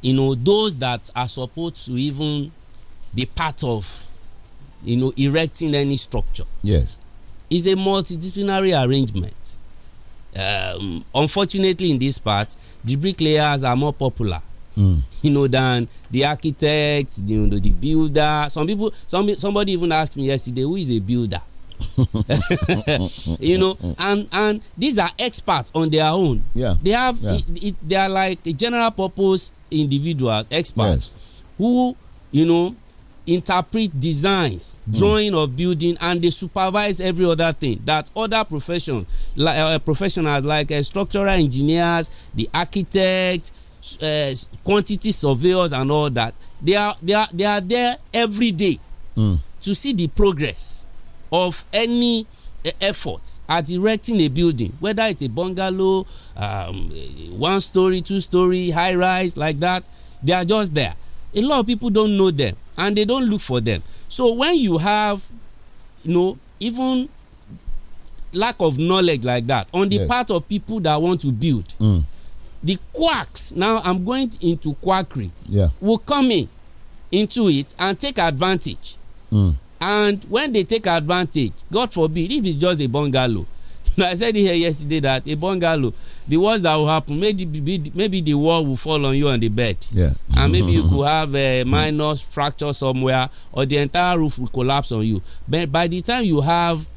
you know those that are supposed to even be part of you know erecting any structure yes is a multidisciplinary arrangement um, unfortunately in this part the bricklayers are more popular mm. you know than the architects the, you know, the builder some people some, somebody even asked me yesterday who is a builder you know and and these are experts on their own yeah they have yeah. It, it, they are like a general purpose Individual experts, yes. who, you know, interpret designs, mm. drawing of building, and they supervise every other thing that other professions, like uh, professionals like uh, structural engineers, the architects, uh, quantity surveyors, and all that. They are they are they are there every day mm. to see the progress of any E, effort at erecting a building whether it's a bungalow um, eh, one story two story high rise like that they are just there a lot of people don't know them and they don't look for them so when you have you know even lack of knowledge like that on the yes. part of people that want to build mm. the quacks now i'm going into quackery yeah. will come in into it and take advantage mm. and when they take advantage god forbid if it's just a bungalow you know, i said here yesterday that a bungalow the worst that will happen maybe maybe the wall will fall on you on the bed yeah and maybe you could have a minor fracture somewhere or the entire roof will collapse on you but by the time you have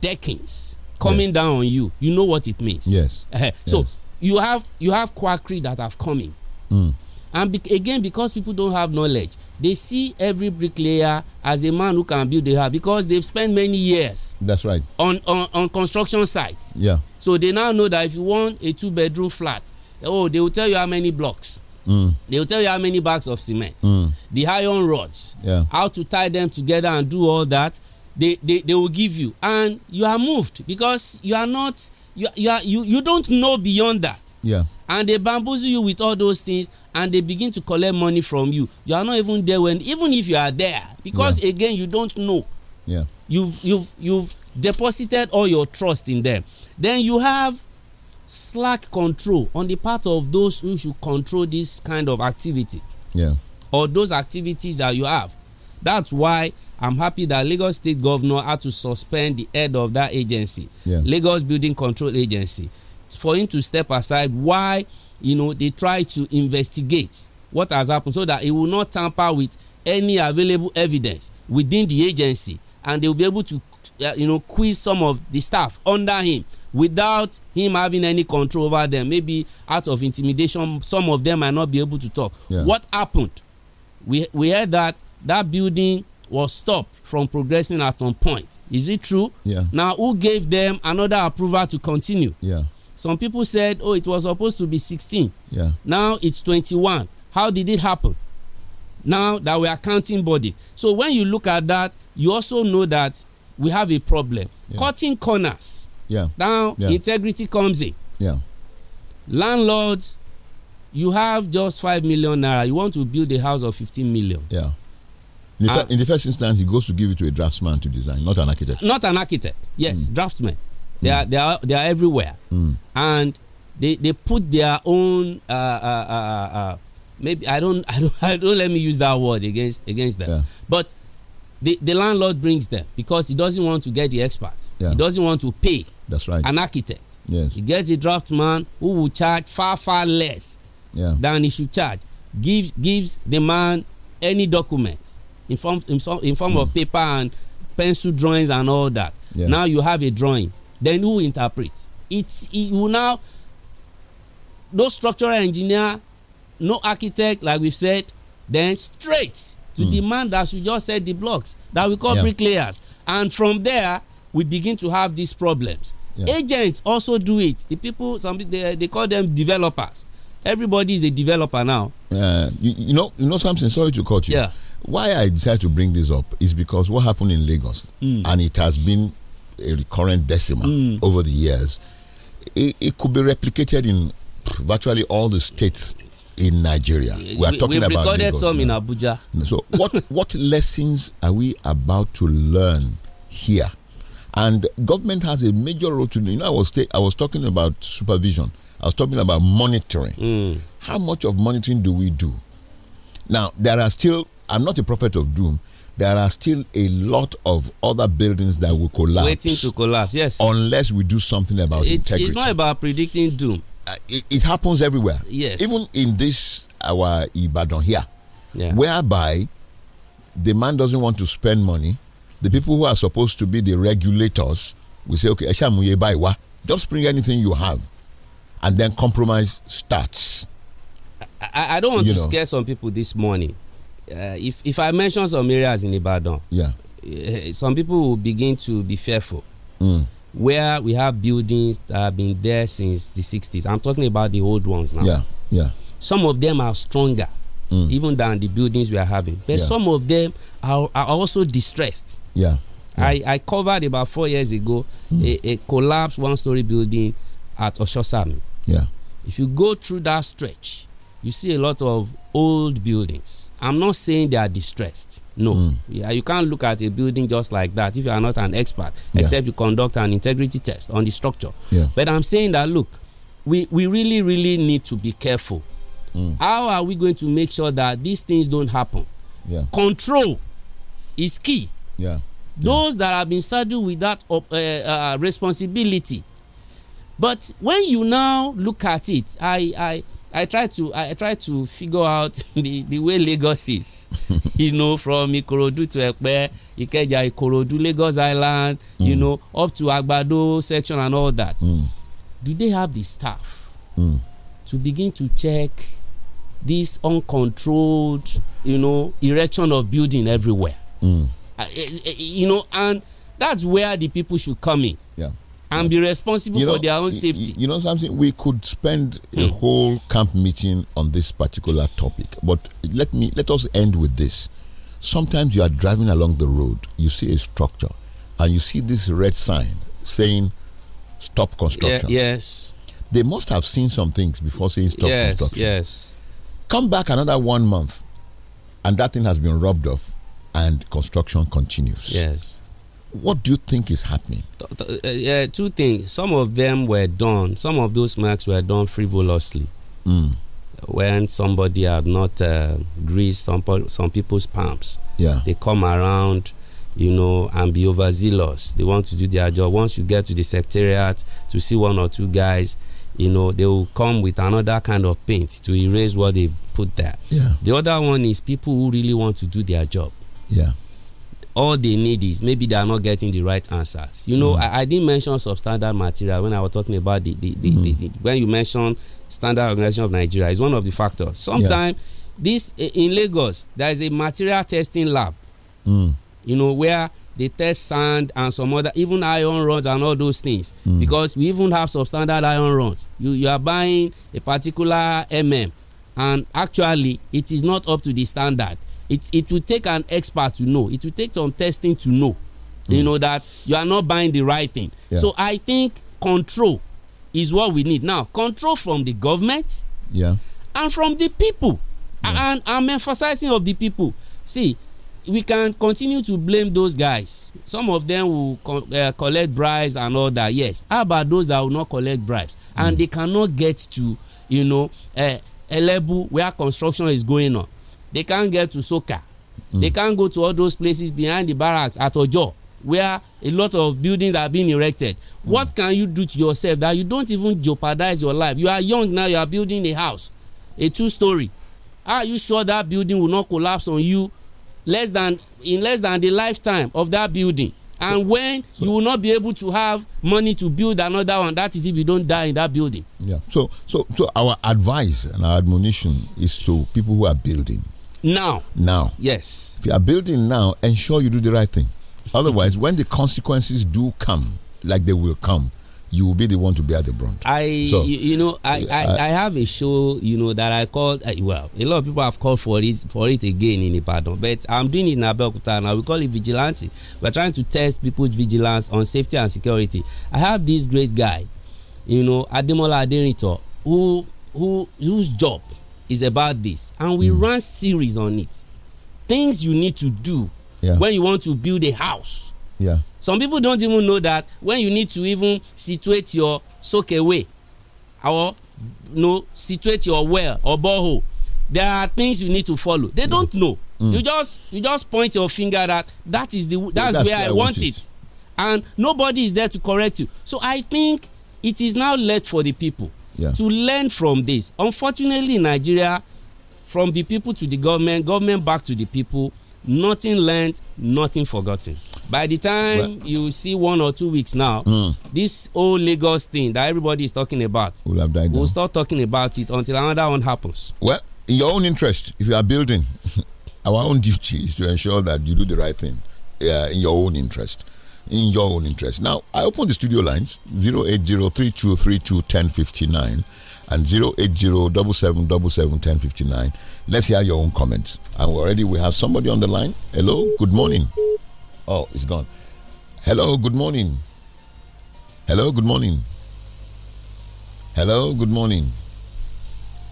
deckings coming yeah. down on you you know what it means yes so yes. you have you have quackery that have coming mm. and be again because people don't have knowledge they see every bricklayer as a man who can build a house because they've spent many years. That's right. On on, on construction sites. Yeah. So they now know that if you want a two bedroom flat, oh, they will tell you how many blocks. Mm. They will tell you how many bags of cement, mm. the iron rods, yeah. how to tie them together and do all that. They, they they will give you, and you are moved because you are not you you are, you, you don't know beyond that. Yeah. And they bamboozle you with all those things and they begin to collect money from you. You are not even there when even if you are there. Because yeah. again, you don't know. Yeah. You've you've you've deposited all your trust in them. Then you have slack control on the part of those who should control this kind of activity. Yeah. Or those activities that you have. That's why I'm happy that Lagos State Governor had to suspend the head of that agency, yeah. Lagos Building Control Agency for him to step aside why you know they try to investigate what has happened so that he will not tamper with any available evidence within the agency and they will be able to uh, you know quiz some of the staff under him without him having any control over them maybe out of intimidation some of them might not be able to talk yeah. what happened we we heard that that building was stopped from progressing at some point is it true yeah now who gave them another approval to continue yeah some people said, oh, it was supposed to be 16. Yeah. Now it's 21. How did it happen? Now that we are counting bodies. So when you look at that, you also know that we have a problem. Yeah. Cutting corners. Yeah. Now yeah. integrity comes in. Yeah. Landlords, you have just five million naira. You want to build a house of 15 million. Yeah. In the, uh, in the, first instance, he goes to give it to a draftsman to design, not an architect. Not an architect. Yes, mm. draftsman. They are they are they are everywhere, hmm. and they they put their own uh, uh, uh, uh, uh maybe I don't I don't I don't let me use that word against against them, yeah. but. The, the landlord brings them because he doesn't want to get the experts. Yeah. He doesn't want to pay That's right. an architect. Yes. He gets a draftsman who will charge far, far less yeah. than he should charge. Gives gives the man any documents in form in, form, in form mm. of hmm. paper and pencil drawings and all that. Yeah. Now you have a drawing. Then who interprets? It's it will now no structural engineer, no architect, like we've said, then straight to mm. demand as we just said the blocks that we call yeah. bricklayers. And from there, we begin to have these problems. Yeah. Agents also do it. The people, some they, they call them developers. Everybody is a developer now. Uh, you, you know, you know something. Sorry to cut you. Yeah. Why I decided to bring this up is because what happened in Lagos, mm. and it has been a recurrent decimal mm. over the years, it, it could be replicated in virtually all the states in Nigeria. We are talking We've about recorded Lagos, some in Abuja. Mm, so what what lessons are we about to learn here? And government has a major role to do. You know, I was I was talking about supervision. I was talking about monitoring. Mm. How much of monitoring do we do? Now there are still. I'm not a prophet of doom there are still a lot of other buildings that will collapse. Waiting to collapse, yes. Unless we do something about it's, integrity. It's not about predicting doom. Uh, it, it, happens everywhere. Yes. Even in this, our Ibadan here, yeah. whereby the man doesn't want to spend money. The people who are supposed to be the regulators will say, okay, just bring anything you have. And then compromise starts. I, I don't want you to know. scare some people this morning. Uh, if if I mention some areas in Ibadan, yeah, uh, some people will begin to be fearful. Mm. Where we have buildings that have been there since the 60s. I'm talking about the old ones now. Yeah, yeah. Some of them are stronger mm. even than the buildings we are having. But yeah. some of them are, are also distressed. Yeah. yeah. I, I covered about four years ago mm. a, a collapsed one story building at Oshosami. Yeah. If you go through that stretch, you see a lot of old buildings. I'm not saying they are distressed. No, mm. yeah, you can't look at a building just like that if you are not an expert, yeah. except you conduct an integrity test on the structure. Yeah. But I'm saying that look, we we really really need to be careful. Mm. How are we going to make sure that these things don't happen? Yeah. Control is key. Yeah. Those that have been saddled with that uh, uh, responsibility. But when you now look at it, I, I I try to I try to figure out the the way Lagos is, you know, from Ikorodu to Ekpe, Ikeja, Ikorodu, Lagos Island, mm. you know, up to Agbado section and all that. Mm. Do they have the staff mm. to begin to check this uncontrolled, you know, erection of building everywhere? Uh, you know, and that's where the people should come in. Yeah. and be responsible you know, for their own safety. You know something? We could spend a hmm. whole camp meeting on this particular topic, but let me let us end with this. Sometimes you are driving along the road, you see a structure, and you see this red sign saying "Stop construction." Yeah, yes, they must have seen some things before saying "Stop yes, construction." Yes, Come back another one month, and that thing has been robbed off, and construction continues. Yes what do you think is happening? Uh, two things. Some of them were done. Some of those marks were done frivolously. Mm. When somebody had not uh, greased some some people's palms, yeah, they come around, you know, and be overzealous. They want to do their job. Once you get to the secretariat to see one or two guys, you know, they will come with another kind of paint to erase what they put there. Yeah. The other one is people who really want to do their job. Yeah all they need is maybe they are not getting the right answers. You know, mm. I, I, didn't mention substandard material when I was talking about the, the, the, mm. the when you mentioned standard organization of Nigeria is one of the factors. Sometimes yeah. this in Lagos there is a material testing lab. Mm. You know where they test sand and some other even iron rods and all those things mm. because we even have substandard iron rods. You you are buying a particular mm and actually it is not up to the standard it it will take an expert to know it will take some testing to know mm. you know that you are not buying the right thing yeah. so i think control is what we need now control from the government yeah and from the people yeah. and i'm emphasizing of the people see we can continue to blame those guys some of them will co uh, collect bribes and all that yes how about those that will not collect bribes and mm. they cannot get to you know uh, level where construction is going on They can't get to Soka. Mm. They hmm. can't go to all those places behind the barracks at Ojo where a lot of buildings are being erected. Mm. What can you do to yourself that you don't even jeopardize your life? You are young now, you are building a house, a two story. Are you sure that building will not collapse on you less than in less than the lifetime of that building? And so, when so. you will not be able to have money to build another one, that is if you don't die in that building. Yeah. So so so our advice and our admonition is to people who are building Now. Now. Yes. If you are building now, ensure you do the right thing. Otherwise, when the consequences do come, like they will come, you will be the one to bear the brunt. I, so, you, know, I, I, I, I, have a show, you know, that I called. well, a lot of people have called for it for it again in Ibadan, but I'm doing it in Abeokuta now. We call it vigilante. We're trying to test people's vigilance on safety and security. I have this great guy, you know, Ademola Aderito, who who whose job is about this and we mm. ran series on it things you need to do yeah. when you want to build a house yeah. some people don't even know that when you need to even situate your soak away or you know situate your well or borehole there are things you need to follow they yeah. Hmm. don't know mm. you just you just point your finger that that is the that's, that's where, i, I want it. it and nobody is there to correct you so i think it is now left for the people yeah. to learn from this. Unfortunately, Nigeria, from the people to the government, government back to the people, nothing learned, nothing forgotten. By the time well, you see one or two weeks now, mm. this whole Lagos thing that everybody is talking about, we'll, have died we'll start talking about it until another one happens. Well, in your own interest, if you are building, our own duty is to ensure that you do the right thing uh, in your own interest in your own interest. Now, I open the studio lines 08032321059 and 08077771059. Let's hear your own comments. And already we have somebody on the line. Hello, good morning. Oh, it's gone. Hello, good morning. Hello, good morning. Hello, good morning.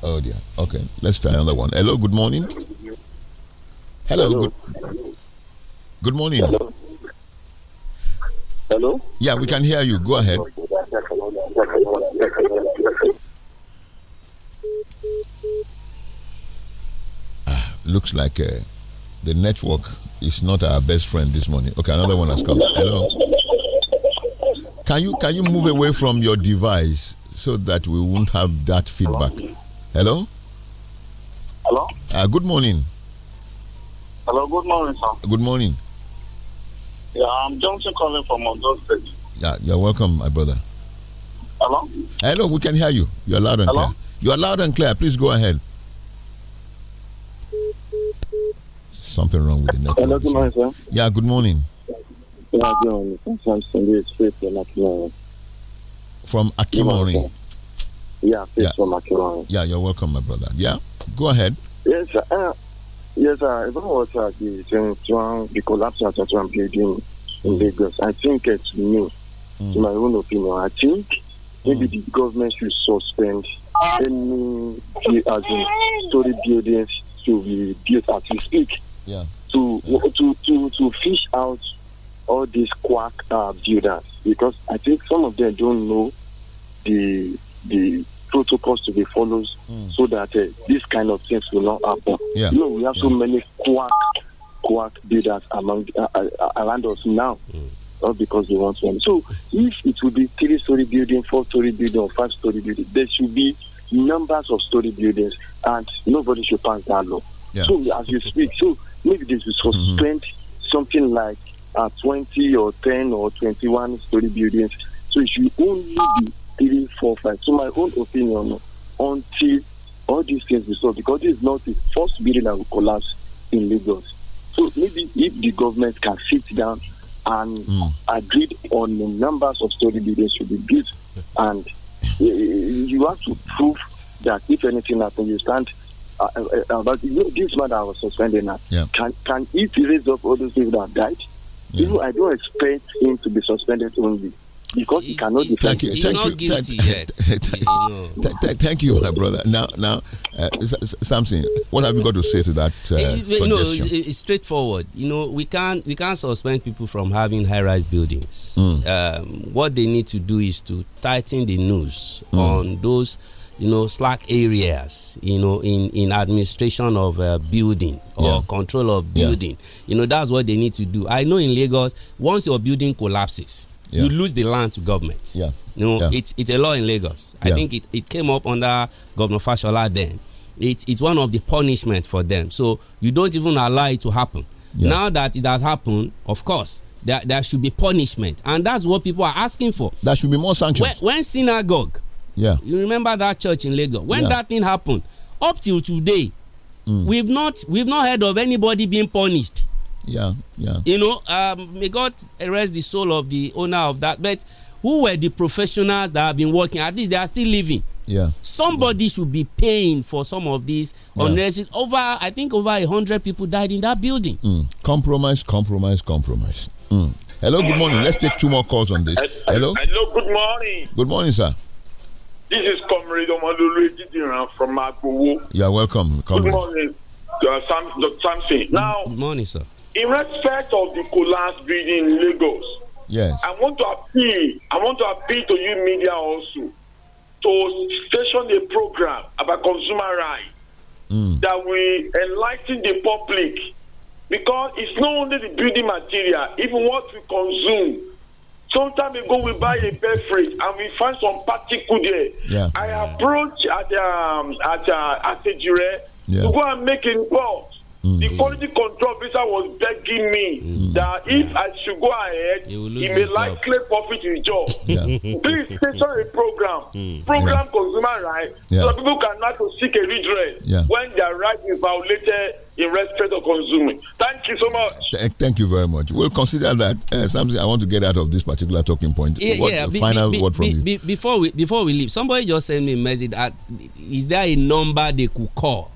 Oh dear. Okay, let's try another one. Hello, good morning. Hello. Hello. Good, good morning. Hello. Hello? Yeah, we can hear you. Go ahead. Ah, looks like uh, the network is not our best friend this morning. Okay, another one has come. Hello. Can you can you move away from your device so that we won't have that feedback? Hello. Hello. Uh, good morning. Hello. Good morning, sir. Good morning. Yeah, I'm Johnson calling from Ondo State. Yeah, you're welcome, my brother. Hello? Hello, we can hear you. You're loud and Hello? clear. You're loud and clear. Please go ahead. Something wrong with the network. Hello, good morning, sir. Yeah, good morning. good morning. From Akimori. From Akimori. Yeah, yeah. from Akimori. Yeah, you're welcome, my brother. Yeah, go ahead. Yes, sir. Uh, Yes, sir. Even what uh, the, the collapse of the building in Lagos, I think it's me, mm. in my own opinion. I think maybe the government should suspend any as in story buildings to be built as we speak. Yeah. To, yeah. to to to fish out all these quack uh, builders because I think some of them don't know the the protocols to be followed mm. so that uh, this kind of things will not happen. Yeah. No, we have yeah. so many quack, quack builders among, uh, uh, around us now. Mm. Not because they want one. So if it will be three-story building, four-story building, or five-story building, there should be numbers of story buildings, and nobody should pass that law. Yeah. So as you speak, so maybe this should mm-hmm. suspend mm -hmm. something like uh, 20 or 10 or 21 story buildings. So it should only be three, four, five. So my own opinion, until all these things solved, because this is not the first building that will collapse in Lagos. So maybe if the government can sit down and mm. agree on the numbers of story buildings should be built, and eh, eh, eh, you have to prove that if anything happens, you stand. Uh, uh, uh but you know, this man that I was suspending now, yeah. can can he raise up all those people that died? Yeah. Even I don't expect him to be suspended only because he cannot defend. Thank you. thank you. thank, you, brother. Now, now, uh, something. What have you got to say to that? Uh, it, eh, eh, no, it's, it's, straightforward. You know, we can't we can't suspend people from having high-rise buildings. Mm. Um, what they need to do is to tighten the noose mm. on those. You know, slack areas. You know, in in administration of uh, building or yeah. control of building. Yeah. You know, that's what they need to do. I know in Lagos, once your building collapses, yeah. you lose the land to government. Yeah. You know, yeah. it's it's a law in Lagos. I think it, it came up under Governor Fashola then. It's it's one of the punishment for them. So you don't even allow it to happen. Now that it has happened, of course, there, there should be punishment. And that's what people are asking for. There should be more sanctions. When, when synagogue, yeah. You remember that church in Lagos? When that thing happened, up till today, mm. we've not we've not heard of anybody being punished yeah, yeah. You know, um, may God rest the soul of the owner of that. But who were the professionals that have been working? At least they are still living. Yeah. Somebody yeah. should be paying for some of these yeah. Over, I think over a hundred people died in that building. Mm. Compromise, compromise, compromise. Mm. Hello, good morning. Let's take two more calls on this. Hello. Hello, good morning. Good morning, sir. This is Comrade Omodolu Ejidiran from Agbowo. You are welcome, Comrade. Good morning, uh, Dr. Samson. Now, good morning, sir in respect of the collapse building in Lagos, yes, I want to appeal. I want to appeal to you media also to station a program about consumer rights mm. that will enlighten the public because it's not only the building material, even what we consume. Some time ago, we buy a beverage and we find some particle there. Yeah. I approach at um, at uh, at a jure yeah. to go and make a report the mm. quality control officer was begging me mm. that if I should go ahead, he, may likely forfeit his job. Yeah. Please station a program, mm. program yeah. consumer rights, yeah. so people cannot seek a redress yeah. when their rights is violated in respect of consuming. Thank you so much. Th thank you very much. We'll consider that uh, something I want to get out of this particular talking point. Yeah, what, yeah. Be, final be, word from be, you. before we before we leave, somebody just sent me a message. That, is is there a number they could call?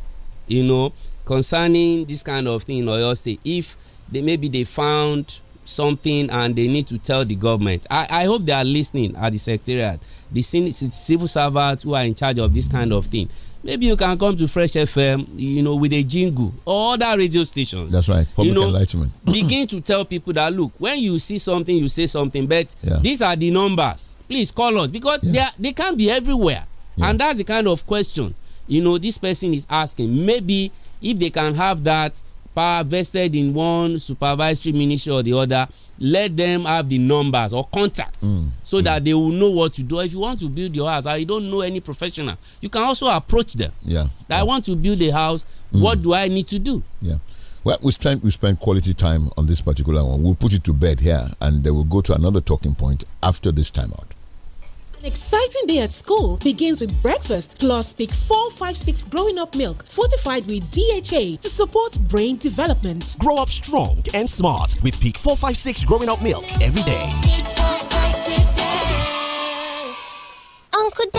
You know concerning this kind of thing in Oyo State if they maybe they found something and they need to tell the government. I, I hope they are listening at the secretariat, the civil servants who are in charge of this kind of thing. Maybe you can come to Fresh FM, you know, with a jingle or other radio stations. That's right, public you know, enlightenment. begin to tell people that look, when you see something, you say something. But yeah. these are the numbers. Please call us because yeah. they are, they can be everywhere, yeah. and that's the kind of question you know this person is asking. Maybe if they can have that power vested in one supervisory ministry or the other let them have the numbers or contacts mm. so mm. that they will know what to do if you want to build your house I don't know any professional you can also approach them yeah i want to build a house mm. what do i need to do yeah well, we spent we spent quality time on this particular one. We'll put it to bed here, and we'll go to another talking point after this timeout. An exciting day at school begins with breakfast plus Peak 456 growing up milk fortified with DHA to support brain development. Grow up strong and smart with Peak 456 growing up milk every day.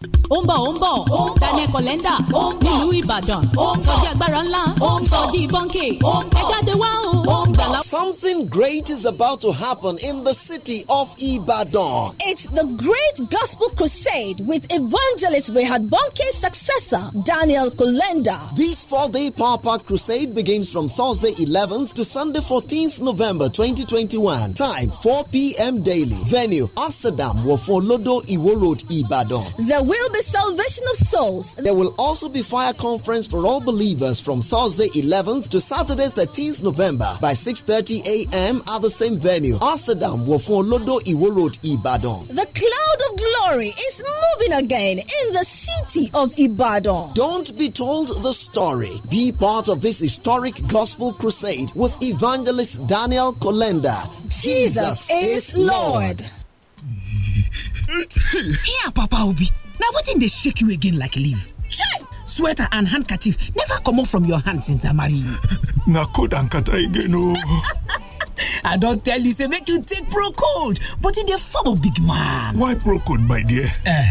daniel ìbàdàn agbára ńlá wá o. Something great is about to happen in the city of Ibadan. It's the Great Gospel Crusade with evangelist Rehad Bonke's successor, Daniel Kolenda. This four-day Power packed Crusade begins from Thursday 11th to Sunday 14th November 2021. Time 4 p.m. daily. Venue Amsterdam Wofolodo Iwo Road, Ibadan. There will be salvation of souls. There will also be fire conference for all believers from Thursday 11th to Saturday 13th November by 6:30 a.m. at the same venue, Asadam Wofun Iwo Road, Ibadan. The cloud of glory is moving again in the city of Ibadan. Don't be told the story. Be part of this historic gospel crusade with evangelist Daniel Kolenda. Jesus, Jesus is Lord. Lord. Here, Papa Obi. Now, what wetin they shake you again like leaf sweater and handkerchief never off from your hands since i you na cold and kata again o oh. i don't tell you say make you take Procode, but e dey form of big man why Procode, my dear eh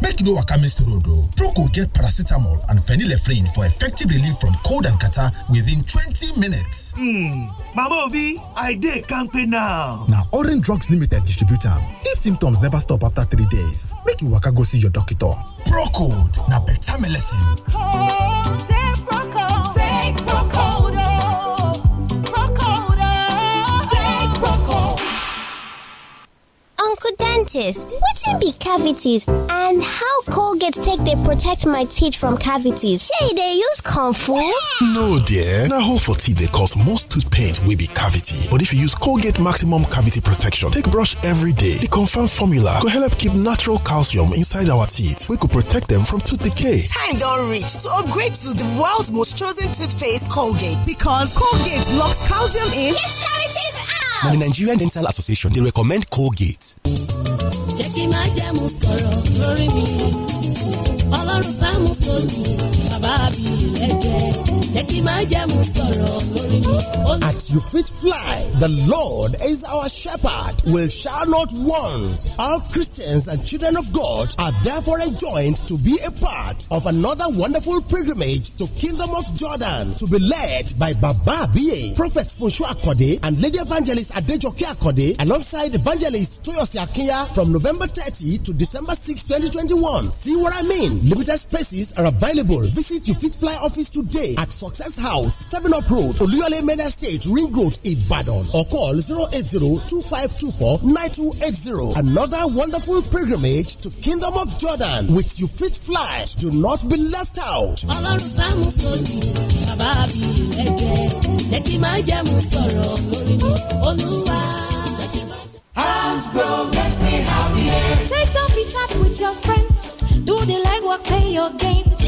make you no waka miss road o pro get paracetamol and phenylephrine for effective relief from cold and catarrh within 20 minutes hmm mama Ovi, i dey now. Now orange drugs limited Distributor. if symptoms never stop after three days make you waka go see your doctor Procode. Now na beta melecine local dentist. Wetin be cavities and how Colgate take they protect my teeth from cavities? Shey they dey use comfort? No dear, Now, hole for teeth they cause most tooth pain will be cavity. But if you use Colgate maximum cavity protection take brush every day, the confirmed formula go help keep natural calcium inside our teeth We could protect them from tooth decay. Time don't reach to upgrade to the world's most chosen toothpaste Colgate because Colgate locks calcium in. Yes, cavities out! Now, the Nigerian Dental Association, they recommend Colgate. jẹ́ jẹ́ mu sọ̀rọ̀ lórí mi ọlọ́run bá mu bàbá at your feet fly, the Lord is our shepherd, will shall not want. All Christians and children of God are therefore enjoined to be a part of another wonderful pilgrimage to Kingdom of Jordan, to be led by Baba B.A., Prophet Funshu Akode, and Lady Evangelist Adejoke Akode, alongside Evangelist Toyosi Akia, from November 30 to December 6, 2021. See what I mean? Limited spaces are available. Visit you fit fly office today at Success House, 7 Up Road, Oluyole Main Estate, Ring Road, Ibadan. Or call 080-2524-9280. Another wonderful pilgrimage to Kingdom of Jordan with you fit fly. Do not be left out. Hands Hasbro makes me happy. Take selfie chats with your friends. Do they like work, play your games?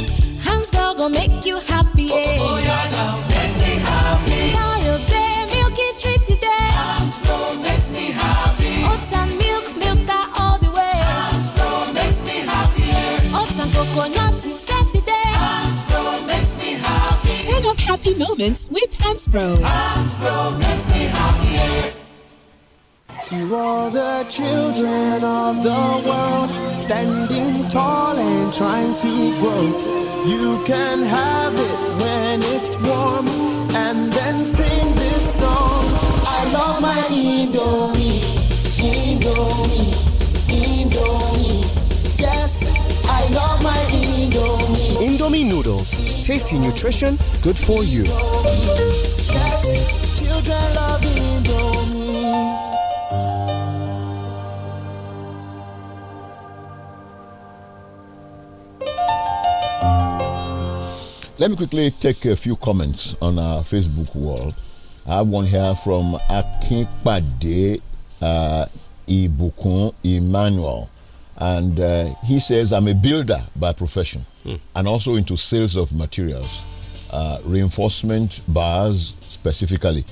Tammy's Bell going make you happy. Oh, oh, yeah. now make me happy. Mario's there, milky treat today. Astro makes me happy. Oats and milk, milk that all the way. Astro makes me happy. Oats and coconut is every day. Astro makes me happy. Turn up happy moments with Hansbro. Hansbro makes me happy. To all the children of the world, standing tall and trying to grow. You can have it when it's warm, and then sing this song. I love my Indomie, Indomie, Indomie. Yes, I love my Indomie. Indomie noodles, tasty nutrition, good for you. Yes, children love Indomie. Let me quickly take a few comments on our Facebook wall. I have one here from Akinpade uh, Ibukun Emmanuel. And uh, he says, I'm a builder by profession mm. and also into sales of materials, uh, reinforcement bars specifically.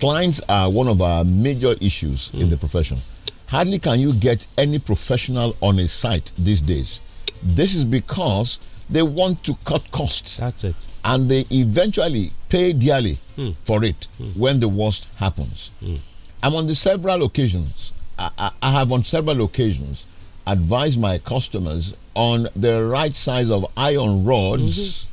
Clients are one of our major issues mm. in hmm. the profession. Hardly can you get any professional on a site these days. This is because they want to cut costs. That's it. And they eventually pay dearly mm. for it mm. when the worst happens. Mm. I'm on the several occasions, I, I, I, have on several occasions advised my customers on the right size of iron rods -hmm.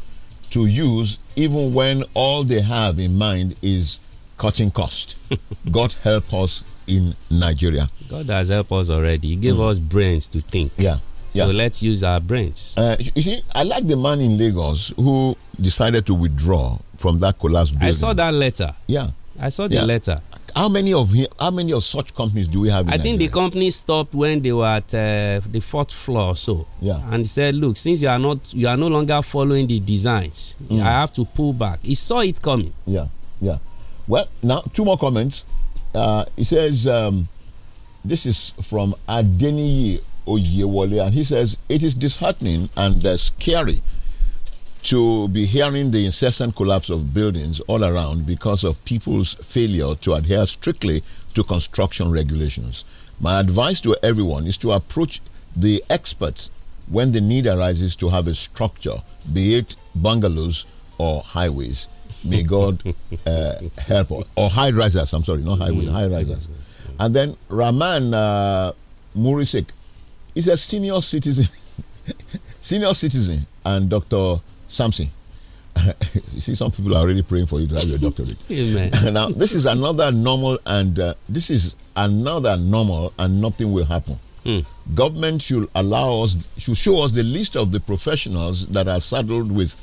to use even when all they have in mind is cutting cost. God help us in Nigeria. God has helped us already. He gave hmm. us brains to think. Yeah yeah. So let's use our brains. Uh, you see, I like the man in Lagos who decided to withdraw from that collapse building. I saw that letter. Yeah. I saw the yeah. letter. How many of how many of such companies do we have? I Nigeria? think the company stopped when they were at uh, the fourth floor, so yeah, and said, "Look, since you are not, you are no longer following the designs, mm. I have to pull back." He saw it coming. Yeah, yeah. Well, now two more comments. Uh, he says, um, "This is from Adeniyi Oyewole, and he says it is disheartening and uh, scary to be hearing the incessant collapse of buildings all around because of people's failure to adhere strictly to construction regulations. My advice to everyone is to approach the experts when the need arises to have a structure, be it bungalows or highways. May God uh, help us. Or high risers, I'm sorry, not highways, mm -hmm. high risers. And then Raman uh, Murisik is a senior citizen, senior citizen, and Dr. Samson. you see, some people are already praying for you to have your doctorate. Amen. now, this is another normal, and uh, this is another normal, and nothing will happen. Hmm. Government should allow us, should show us the list of the professionals that are saddled with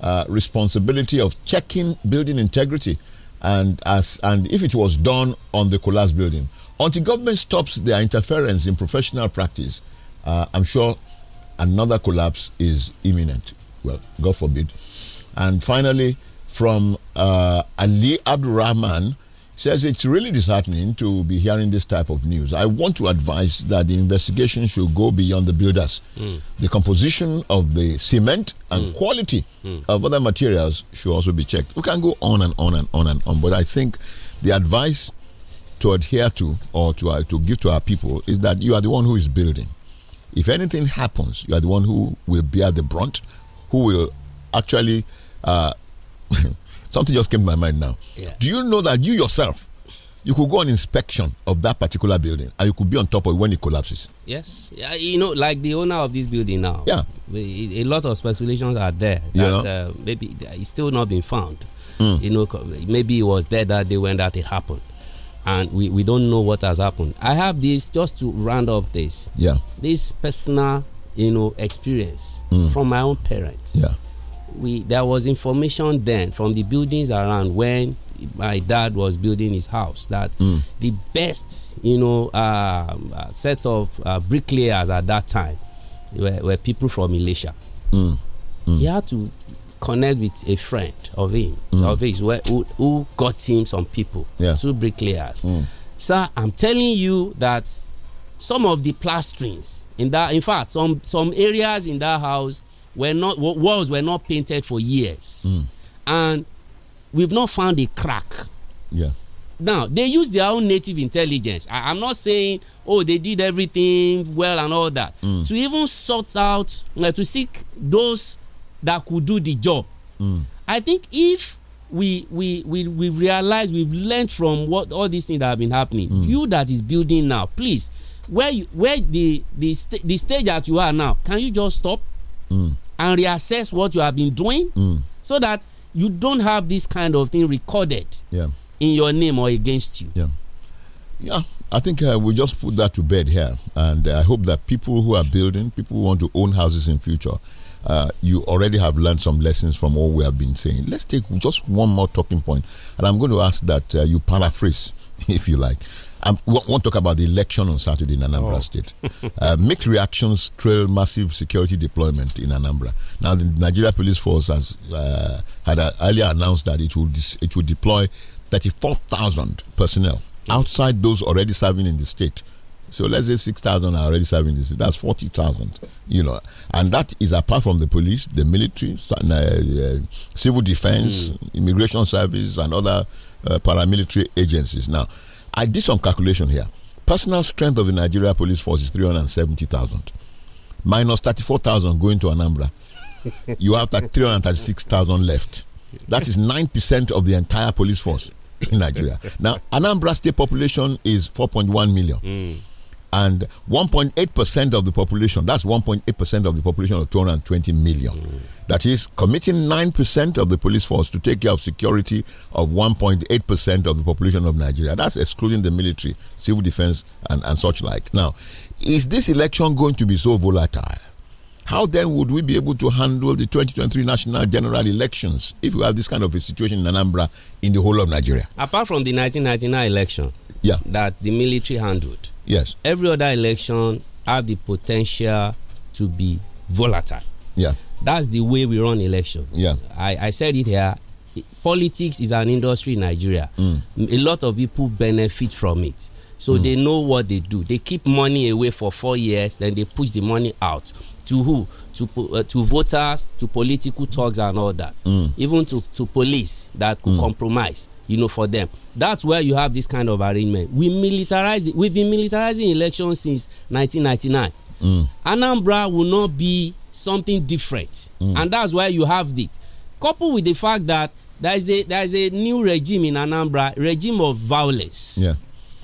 uh, responsibility of checking building integrity, and as and if it was done on the collapsed building, until government stops their interference in professional practice, uh, I'm sure another collapse is imminent. Well, God forbid. And finally, from uh, Ali Abdurrahman, says it's really disheartening to be hearing this type of news. I want to advise that the investigation should go beyond the builders. Mm. The composition of the cement and mm. quality mm. of other materials should also be checked. We can go on and on and on and on, but I think the advice to adhere to or to, uh, to give to our people is that you are the one who is building. If anything happens, you are the one who will bear the brunt, who will actually. Uh, something just came to my mind now. Yeah. Do you know that you yourself, you could go on inspection of that particular building and you could be on top of it when it collapses? Yes. You know, like the owner of this building now. Yeah. A lot of speculations are there that you know? uh, maybe it's still not been found. Mm. You know, maybe it was there that day when that it happened and we, we don't know what has happened. I have this just to round up this. Yeah. This personal, you know, experience mm. from my own parents. Yeah. We there was information then from the buildings around when my dad was building his house that mm. the best, you know, um, uh, set of uh, bricklayers at that time were, were people from Malaysia. Mm. mm. He had to connect with a friend of him, mm. of his, who, who got him some people, yeah. two bricklayers. Mm. Sir, I'm telling you that some of the plasterings in that, in fact, some some areas in that house were not walls were not painted for years, mm. and we've not found a crack. Yeah. Now they use their own native intelligence. I, am not saying oh they did everything well and all that. Mm. To even sort out uh, to seek those that could do the job. Mm. I think if we we we we realize we've learned from what all these things that have been happening. Mm. You that is building now, please, where you where the the st the stage that you are now, can you just stop mm. and reassess what you have been doing mm. so that you don't have this kind of thing recorded yeah. in your name or against you. Yeah, yeah. I think uh, we just put that to bed here, and uh, I hope that people who are building, people who want to own houses in future, uh, you already have learned some lessons from what we have been saying. Let's take just one more talking point, and I'm going to ask that uh, you paraphrase, if you like. I want to talk about the election on Saturday in Anambra oh. State. Uh, mixed reactions trail massive security deployment in Anambra. Now, the Nigeria Police Force has uh, had uh, earlier announced that it will it will deploy 34,000 personnel outside those already serving in the state so let's say 6,000 are already serving this. That's 40,000, you know. And that is apart from the police, the military, uh, uh, civil defense, mm. immigration service, and other uh, paramilitary agencies. Now, I did some calculation here. Personal strength of the Nigeria police force is 370,000. Minus 34,000 going to Anambra. you have 336,000 left. That is 9% of the entire police force in Nigeria. now, Anambra state population is 4.1 million. Mm and 1.8% of the population, that's 1.8% of the population of 220 million. Mm. That is committing 9% of the police force to take care of security of 1.8% of the population of Nigeria. That's excluding the military, civil defense, and, and such like. Now, is this election going to be so volatile? How then would we be able to handle the 2023 national general elections if we have this kind of a situation in Anambra in the whole of Nigeria? Apart from the 1999 election yeah. that the military handled, Yes. Every other election have the potential to be volatile. Yeah. That's the way we run election. Yeah. I, I said it here. Politics is an industry in Nigeria. Mm. A lot of people benefit from it. So mm. they know what they do. They keep money away for four years, then they push the money out to who? To uh, to voters, to political thugs, and all that. Mm. Even to to police that could mm. compromise. You know, for them. That's where you have this kind of arrangement. We militarize. We've been militarizing elections since 1999. Mm. Anambra will not be something different, hmm. and that's why you have it. Coupled with the fact that there is a there is a new regime in Anambra, regime of violence. Yeah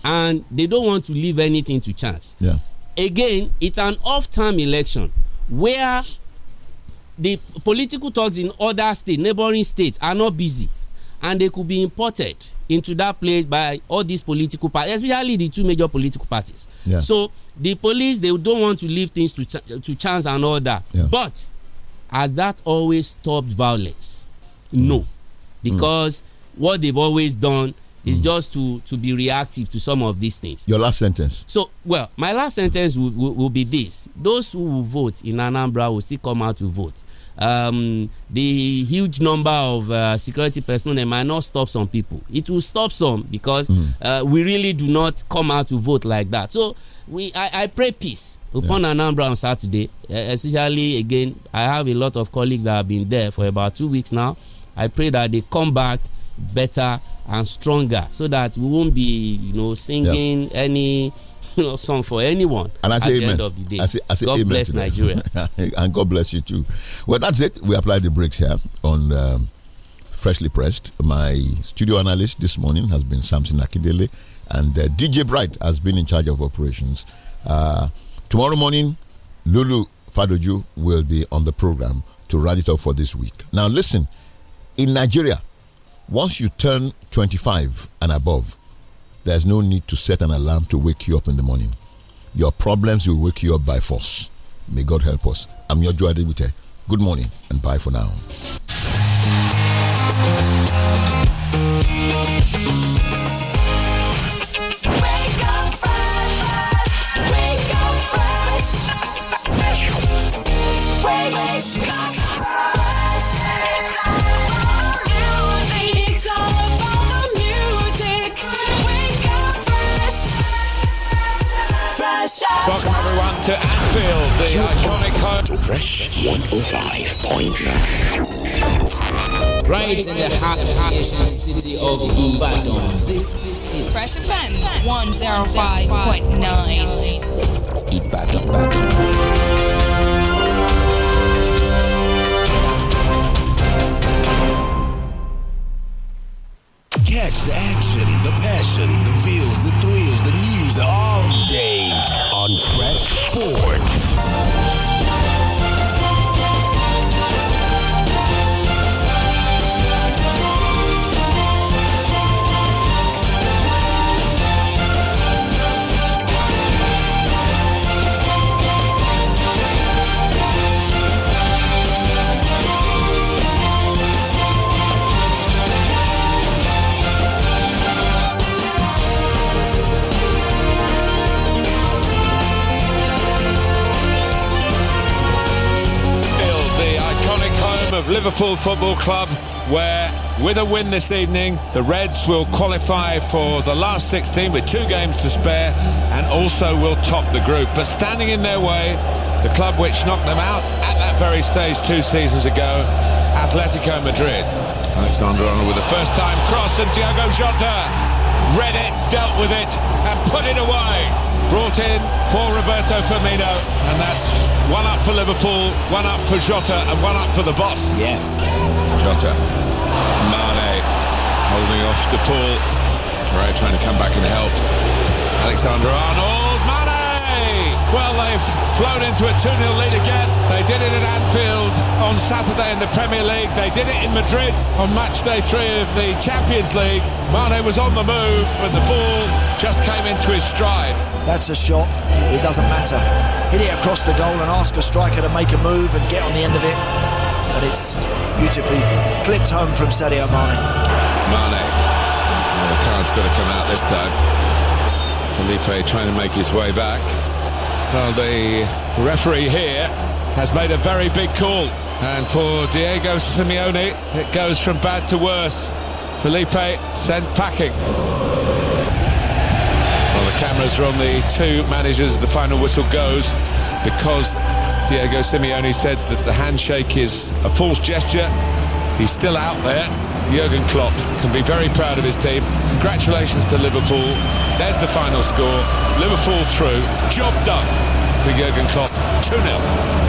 and they don't want to leave anything to chance. Yeah. Again, it's an off-term election where the political talks in other states, neighboring states, are not busy, and they could be imported into that place by all these political parties, especially the two major political parties. Yeah. So the police they don't want to leave things to ch to chance and all that. Yeah. But has that always stopped violence? Mm. No, because mm. what they've always done it's mm. just to to be reactive to some of these things. Your last sentence. So, well, my last sentence will, will, will be this: those who will vote in Anambra will still come out to vote. Um, the huge number of uh, security personnel might not stop some people. It will stop some because mm. uh, we really do not come out to vote like that. So we, I, I pray peace upon yeah. Anambra on Saturday. Uh, especially again, I have a lot of colleagues that have been there for about two weeks now. I pray that they come back better and stronger so that we won't be you know singing any you know, song for anyone and I say at amen. the end of the day. I say, I say God amen bless Nigeria. and God bless you too. Well, that's it. We apply the brakes here on um, Freshly Pressed. My studio analyst this morning has been Samson Akindele, and uh, DJ Bright has been in charge of operations. Uh, tomorrow morning, Lulu Fadoju will be on the program to round it up for this week. Now, listen, in Nigeria, once you turn 25 and above, there's no need to set an alarm to wake you up in the morning. Your problems will wake you up by force. May God help us. I'm your Joy Adibute. Good morning and bye for now. Welcome everyone to Anfield, the iconic home. Fresh 105.9. Right in the heart of the city of Ibadan. This is Fresh Offense 105.9. Ibadan. Liverpool Football Club, where with a win this evening, the Reds will qualify for the last 16 with two games to spare and also will top the group. But standing in their way, the club which knocked them out at that very stage two seasons ago, Atletico Madrid. Alexander Arnold with a first-time cross and Thiago Jota read it, dealt with it and put it away brought in for Roberto Firmino, and that's one up for Liverpool, one up for Jota, and one up for the boss. Yeah. Jota, Mane, holding off the Paul, Ferreira trying to come back and help. Alexander Arnold, Mane! Well, they've flown into a 2-0 lead again. They did it at Anfield on Saturday in the Premier League. They did it in Madrid on match day three of the Champions League. Mane was on the move, but the ball just came into his stride. That's a shot. It doesn't matter. Hit it across the goal and ask a striker to make a move and get on the end of it. And it's beautifully clipped home from Sadio Mane. Mane. Well, the card's got to come out this time. Felipe trying to make his way back. Well, the referee here has made a very big call. And for Diego Simeone, it goes from bad to worse. Felipe sent packing cameras are on the two managers. The final whistle goes because Diego Simeone said that the handshake is a false gesture. He's still out there. Jurgen Klopp can be very proud of his team. Congratulations to Liverpool. There's the final score. Liverpool through. Job done for Jurgen Klopp. 2-0.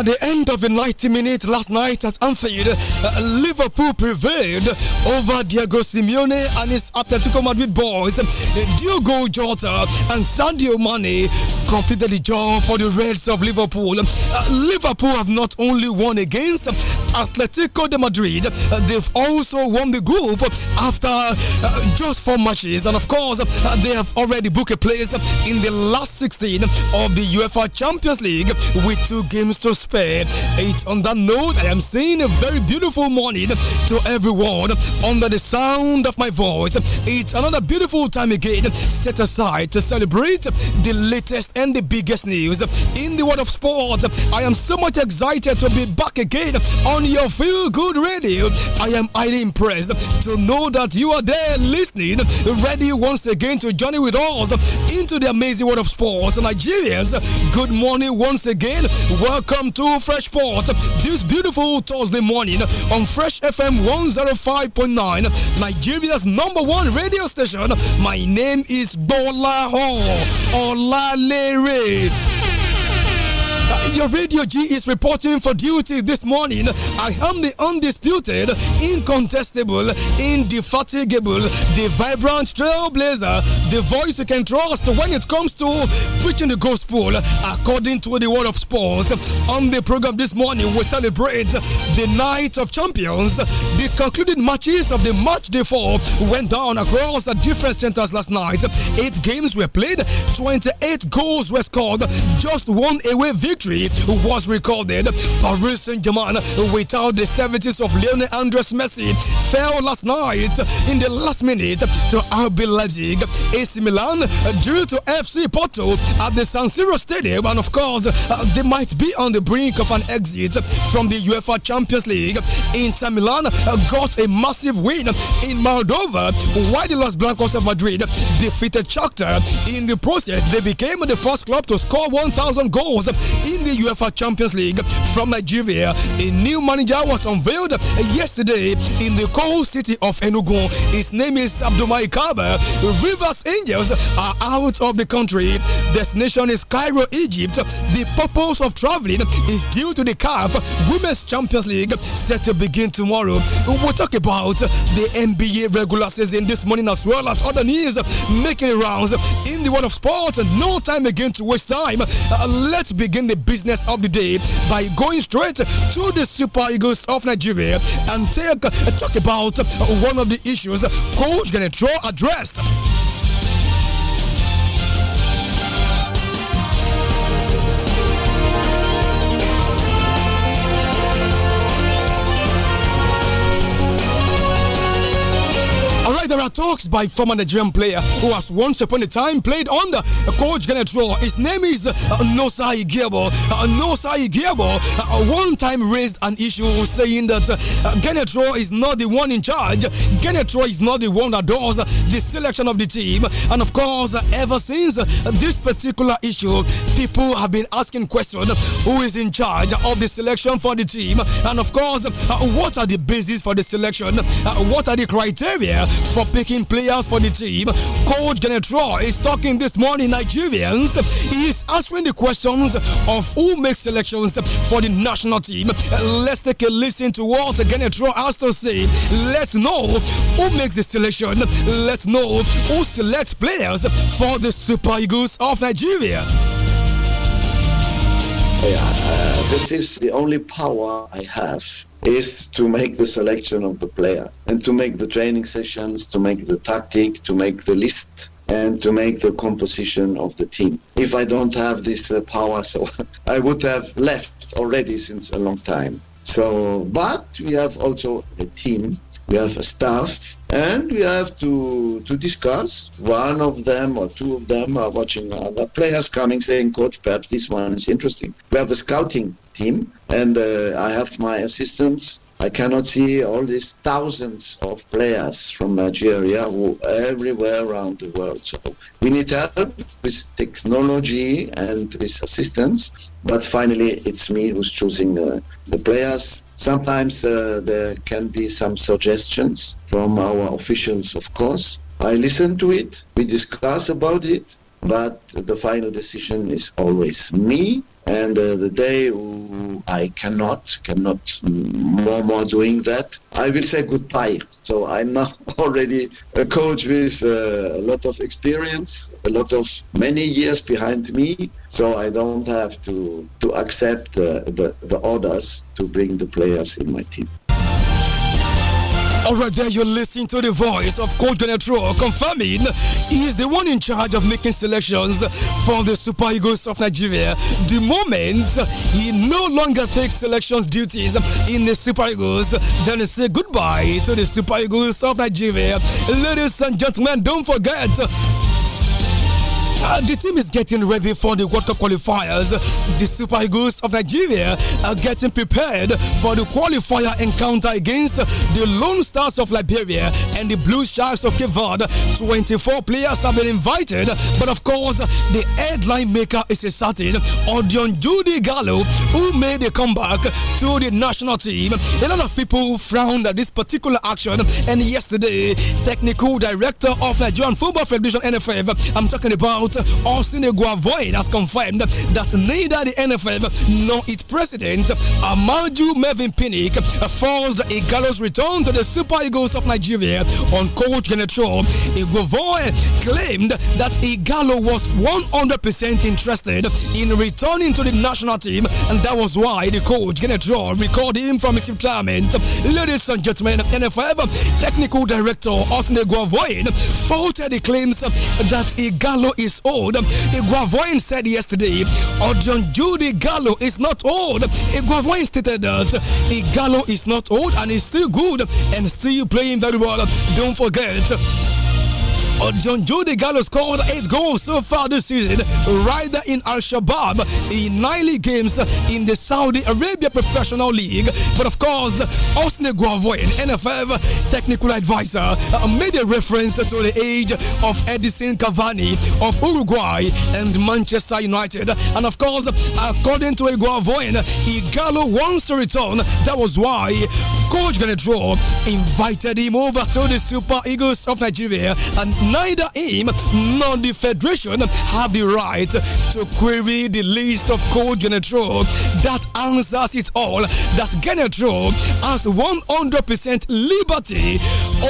At the end of the 90 minutes last night at Anfield, uh, Liverpool prevailed over Diego Simeone and his Atletico Madrid boys. Uh, Diogo Jota and Sadio Mane completed the job for the Reds of Liverpool. Uh, Liverpool have not only won against uh, Atletico de Madrid. They've also won the group after uh, just four matches, and of course, they have already booked a place in the last 16 of the UEFA Champions League with two games to spare. It's on that note, I am saying a very beautiful morning to everyone under the sound of my voice. It's another beautiful time again set aside to celebrate the latest and the biggest news in the world of sports. I am so much excited to be back again on on your Feel Good Radio. I am highly impressed to know that you are there listening, ready once again to journey with us into the amazing world of sports. Nigerians, good morning once again. Welcome to Fresh Sports. this beautiful Thursday morning on Fresh FM 105.9, Nigeria's number one radio station. My name is Bola Ho Olalere. Your Radio G is reporting for duty this morning. I am the undisputed, incontestable, indefatigable, the vibrant trailblazer, the voice you can trust when it comes to preaching the gospel according to the word of sport. On the program this morning, we celebrate the night of champions. The concluding matches of the match day four went down across different centers last night. Eight games were played, 28 goals were scored, just one away victory victory was recorded. Paris Saint-Germain, without the services of Lionel Andres Messi, fell last night in the last minute to RB Leipzig. AC Milan drew to FC Porto at the San Siro Stadium, and of course, they might be on the brink of an exit from the UEFA Champions League. Inter Milan got a massive win in Moldova, while the Los Blancos of Madrid defeated Shakhtar. In the process, they became the first club to score 1,000 goals in the UEFA Champions League from Nigeria. A new manager was unveiled yesterday in the coal city of Enugu. His name is Abdomai Kaba. Rivers Angels are out of the country. Destination is Cairo, Egypt. The purpose of traveling is due to the CAF Women's Champions League set to begin tomorrow. We'll talk about the NBA regular season this morning as well as other news making rounds in the world of sports. No time again to waste time. Uh, let's begin the business of the day by going straight to the Super Eagles of Nigeria and take uh, talk about one of the issues Coach Genetra addressed talks by former Nigerian player who has once upon a time played under Coach Genetro. His name is uh, Nosai Igebo. Uh, Nosai Igebo uh, one time raised an issue saying that uh, Genetro is not the one in charge. Genetro is not the one that does the selection of the team. And of course, uh, ever since uh, this particular issue, people have been asking questions who is in charge of the selection for the team? And of course, uh, what are the basis for the selection? What are the criteria for picking? players for the team. Coach Janet is talking this morning, Nigerians. He is answering the questions of who makes selections for the national team. Let's take a listen to what Janet Roy has to say. Let's know who makes the selection. Let's know who selects players for the Super Eagles of Nigeria. Yeah, uh, this is the only power I have is to make the selection of the player and to make the training sessions, to make the tactic, to make the list and to make the composition of the team. If I don't have this uh, power, so I would have left already since a long time. So, but we have also a team, we have a staff, and we have to to discuss. One of them or two of them are watching other players coming, saying, "Coach, perhaps this one is interesting." We have a scouting team, and uh, I have my assistants. I cannot see all these thousands of players from Nigeria who everywhere around the world. So we need help with technology and with assistance. But finally, it's me who's choosing uh, the players Sometimes uh, there can be some suggestions from our officials, of course. I listen to it, we discuss about it, but the final decision is always me and uh, the day I cannot, cannot more more doing that, I will say goodbye. So I'm now already a coach with uh, a lot of experience, a lot of many years behind me. So I don't have to to accept uh, the the orders to bring the players in my team. All right, there you're listening to the voice of Coach Genetro confirming he is the one in charge of making selections for the Super Eagles of Nigeria. The moment he no longer takes selections duties in the Super Eagles, then say goodbye to the Super Eagles of Nigeria. Ladies and gentlemen, don't forget uh, the team is getting ready for the World Cup qualifiers. The Super Eagles of Nigeria are getting prepared for the qualifier encounter against the Lone Stars of Liberia and the Blue Sharks of Cape Verde. 24 players have been invited, but of course, the headline maker is a certain Odion Judy Gallo, who made a comeback to the national team. A lot of people frowned at this particular action, and yesterday, technical director of Nigerian Football Federation NFF, I'm talking about out of Senegal Void has confirmed that neither the NFL nor its president, Amadou Mervin Pinnick, forced Igalo's return to the Super Eagles of Nigeria on coach Genetro. Igovoy claimed that Igalo was 100% interested in returning to the national team, and that was why the coach Genetro recalled him from his retirement. Ladies and gentlemen, NFL technical director Osne Guavoin faulted the claims that Igalo is old. Iguavoin said yesterday, Ojon Judy Gallo is not old. Iguavoin stated that Gallo is not old and is still good and still playing very well. Don't forget. Uh, John Joe De Gallo scored eight goals so far this season, right there in Al Shabab in nine games in the Saudi Arabia Professional League. But of course, Osne Guavoyen, NFF technical advisor, uh, made a reference to the age of Edison Cavani of Uruguay and Manchester United. And of course, according to Guavoyen, Igalo wants to return. That was why Coach Ganedro invited him over to the Super Eagles of Nigeria and neither him nor the Federation have the right to query the list of code Genetro. That answers it all. That Genetro has 100% liberty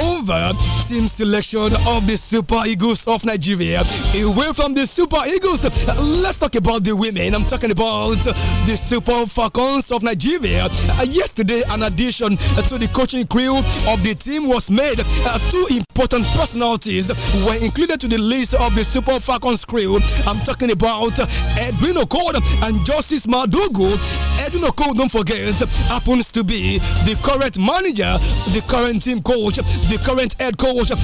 over team selection of the Super Eagles of Nigeria. Away from the Super Eagles, let's talk about the women. I'm talking about the Super Falcons of Nigeria. Uh, yesterday, an addition to the coaching crew of the team was made. Uh, two important personalities were included to the list of the Super Falcons crew. I'm talking about Edwin Okoro and Justice Madugu. Edwin Okoro, don't forget, happens to be the current manager, the current team coach, the current head coach of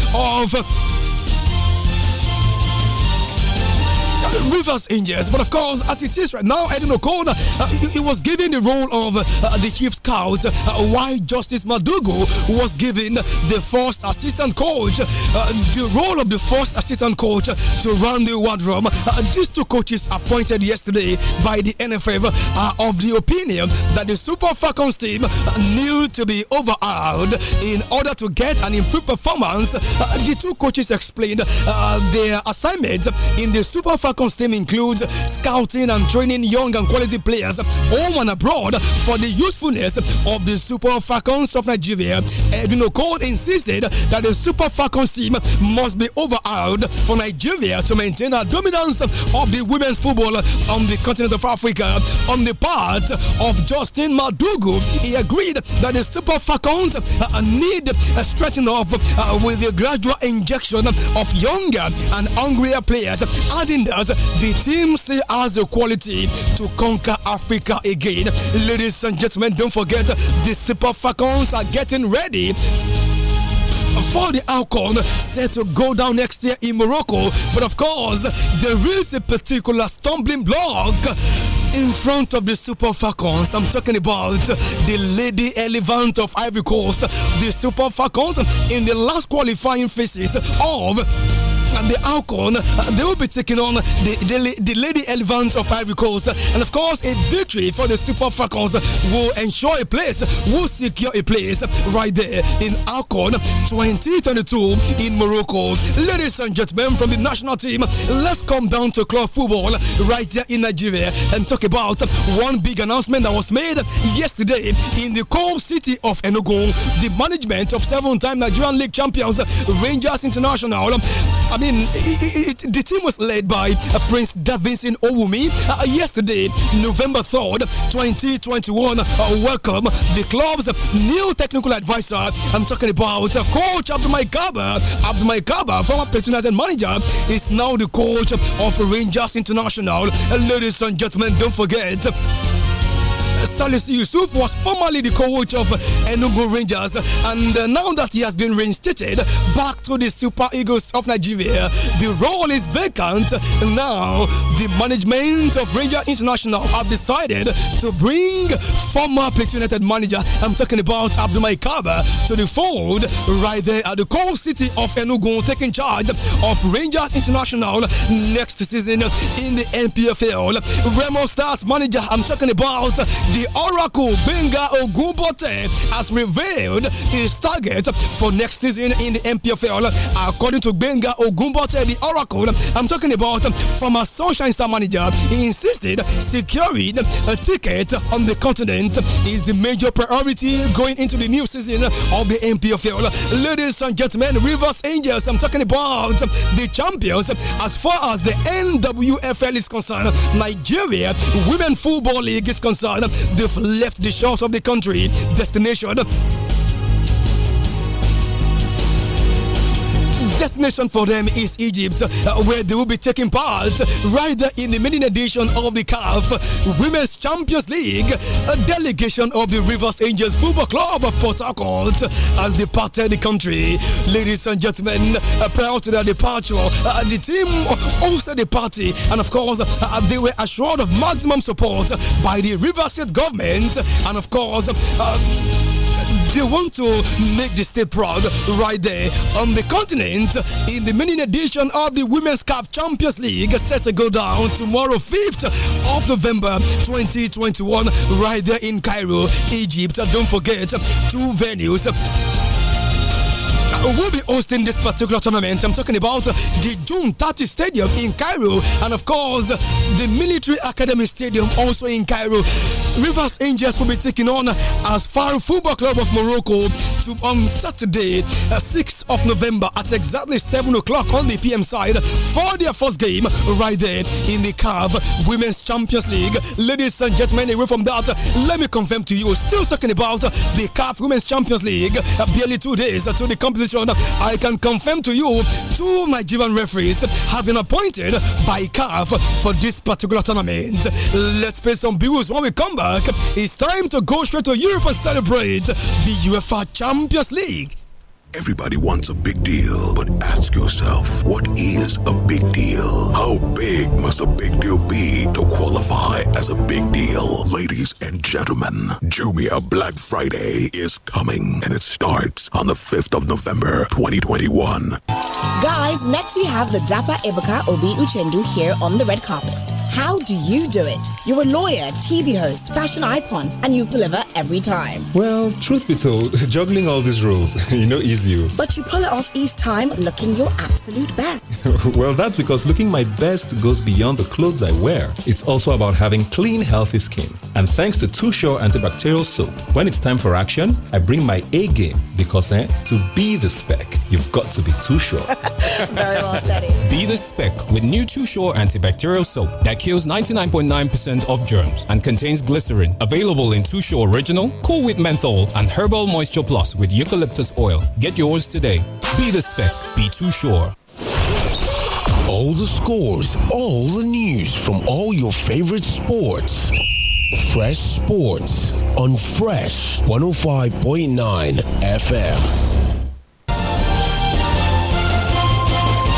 Rivers Angels. But of course, as it is right now, Edin O'Connor, uh, he, was given the role of uh, uh the chief scout, uh, Why Justice Madugu was given the first assistant coach, uh, the role of the first assistant coach to run Randy Wardrum. these two coaches appointed yesterday by the NFF are of the opinion that the Super Falcons team need to be overhauled in order to get an improved performance. the two coaches explained their assignment in the Super Falcons Falcons team includes scouting and training young and quality players home and abroad for the usefulness of the Super Falcons of Nigeria. Edwin Okol insisted that the Super Falcons team must be overhauled for Nigeria to maintain a dominance of the women's football on the continent of Africa. On the part of Justin Madugu, he agreed that the Super Falcons need a stretching up uh, with the gradual injection of younger and hungrier players, adding that that the team still has the quality to conquer Africa again. Ladies and gentlemen, don't forget the Super Falcons are getting ready for the Alcon set to go down next year in Morocco. But of course, there is a particular stumbling block in front of the Super Falcons. I'm talking about the Lady Elephant of Ivory Coast. The Super Falcons in the last qualifying phases of and the Alcon. Uh, they will be taking on the, the, the Lady Elephants of Ivory Coast. And of course, a victory for the Super Falcons will ensure a place, will secure a place right there in Alcon 2022 in Morocco. Ladies and gentlemen, from the national team, let's come down to club football right there in Nigeria and talk about one big announcement that was made yesterday in the cold city of Enugu. The management of seven time Nigerian League champions, Rangers International. I mean, it, it, the team was led by uh, Prince Davinson Owumi uh, yesterday, November 3rd, 2021. Uh, welcome the club's new technical advisor. I'm talking about coach Abdul Gaba. Abdul Gaba, former Petunas manager, is now the coach of Rangers International. ladies and gentlemen, don't forget. Salis Yusuf was formerly the coach of Enugu Rangers, and uh, now that he has been reinstated back to the Super Eagles of Nigeria, the role is vacant. Now, the management of Rangers International have decided to bring former Plateau United manager, I'm talking about Abdul Kaba, to the fold right there at the coal city of Enugu, taking charge of Rangers International next season in the NPFL. Remo Stars manager, I'm talking about the Oracle Benga Ogubote has revealed his target for next season in the MPFL. According to Benga Ogubote, the Oracle, I'm talking about former Sunshine Star manager, he insisted securing a ticket on the continent is the major priority going into the new season of the MPFL. Ladies and gentlemen, Rivers Angels, I'm talking about the champions as far as the NWFL is concerned, Nigeria Women Football League is concerned. They've left the shores of the country. Destination destination for them is Egypt, uh, where they will be taking part right there in the main edition of the CAF Women's Champions League. A delegation of the Rivers Angels Football Club of Port Harcourt has departed the country. Ladies and gentlemen, uh, prior to their departure, uh, the team hosted the party, and of course, they were assured of maximum support by the Rivers State government, and of course, you want to make the state proud right there on the continent in the main edition of the Women's Cup Champions League set to go down tomorrow, 5th of November 2021, right there in Cairo, Egypt. Don't forget two venues will be hosting this particular tournament. I'm talking about the June 30 Stadium in Cairo, and of course, the Military Academy Stadium also in Cairo. Rivers Angels will be taking on as far Football Club of Morocco to, on Saturday, 6th uh, of November at exactly 7 o'clock on the PM side for their first game right there in the CAV Women's Champions League. Ladies and gentlemen, away from that, let me confirm to you, still talking about the CAF Women's Champions League, uh, barely two days to the competition position. I can confirm to you two Nigerian referees have been appointed by CAF for this particular tournament. Let's pay some bills when we come back. It's time to go straight to Europe and celebrate the UEFA Champions League. Everybody wants a big deal, but ask yourself, what is a big deal? How big must a big deal be to qualify as a big deal? Ladies and gentlemen, Jumia Black Friday is coming, and it starts on the 5th of November, 2021. Guys, next we have the Dapa Ebeka Obi Uchendu here on the red carpet. How do you do it? You're a lawyer, TV host, fashion icon, and you deliver every time. Well, truth be told, juggling all these roles, you know, easy you. But you pull it off each time looking your absolute best. well, that's because looking my best goes beyond the clothes I wear. It's also about having clean, healthy skin. And thanks to Too Sure antibacterial soap, when it's time for action, I bring my A game because eh, to be the spec, you've got to be Too Sure. Very well said. Be the spec with new Too Sure antibacterial soap that kills 99.9% percent of germs and contains glycerin. Available in Too Sure Original, Cool with Menthol, and Herbal Moisture Plus with eucalyptus oil. Get Get yours today. Be the spec. Be too sure. All the scores, all the news from all your favorite sports. Fresh Sports on Fresh 105.9 FM.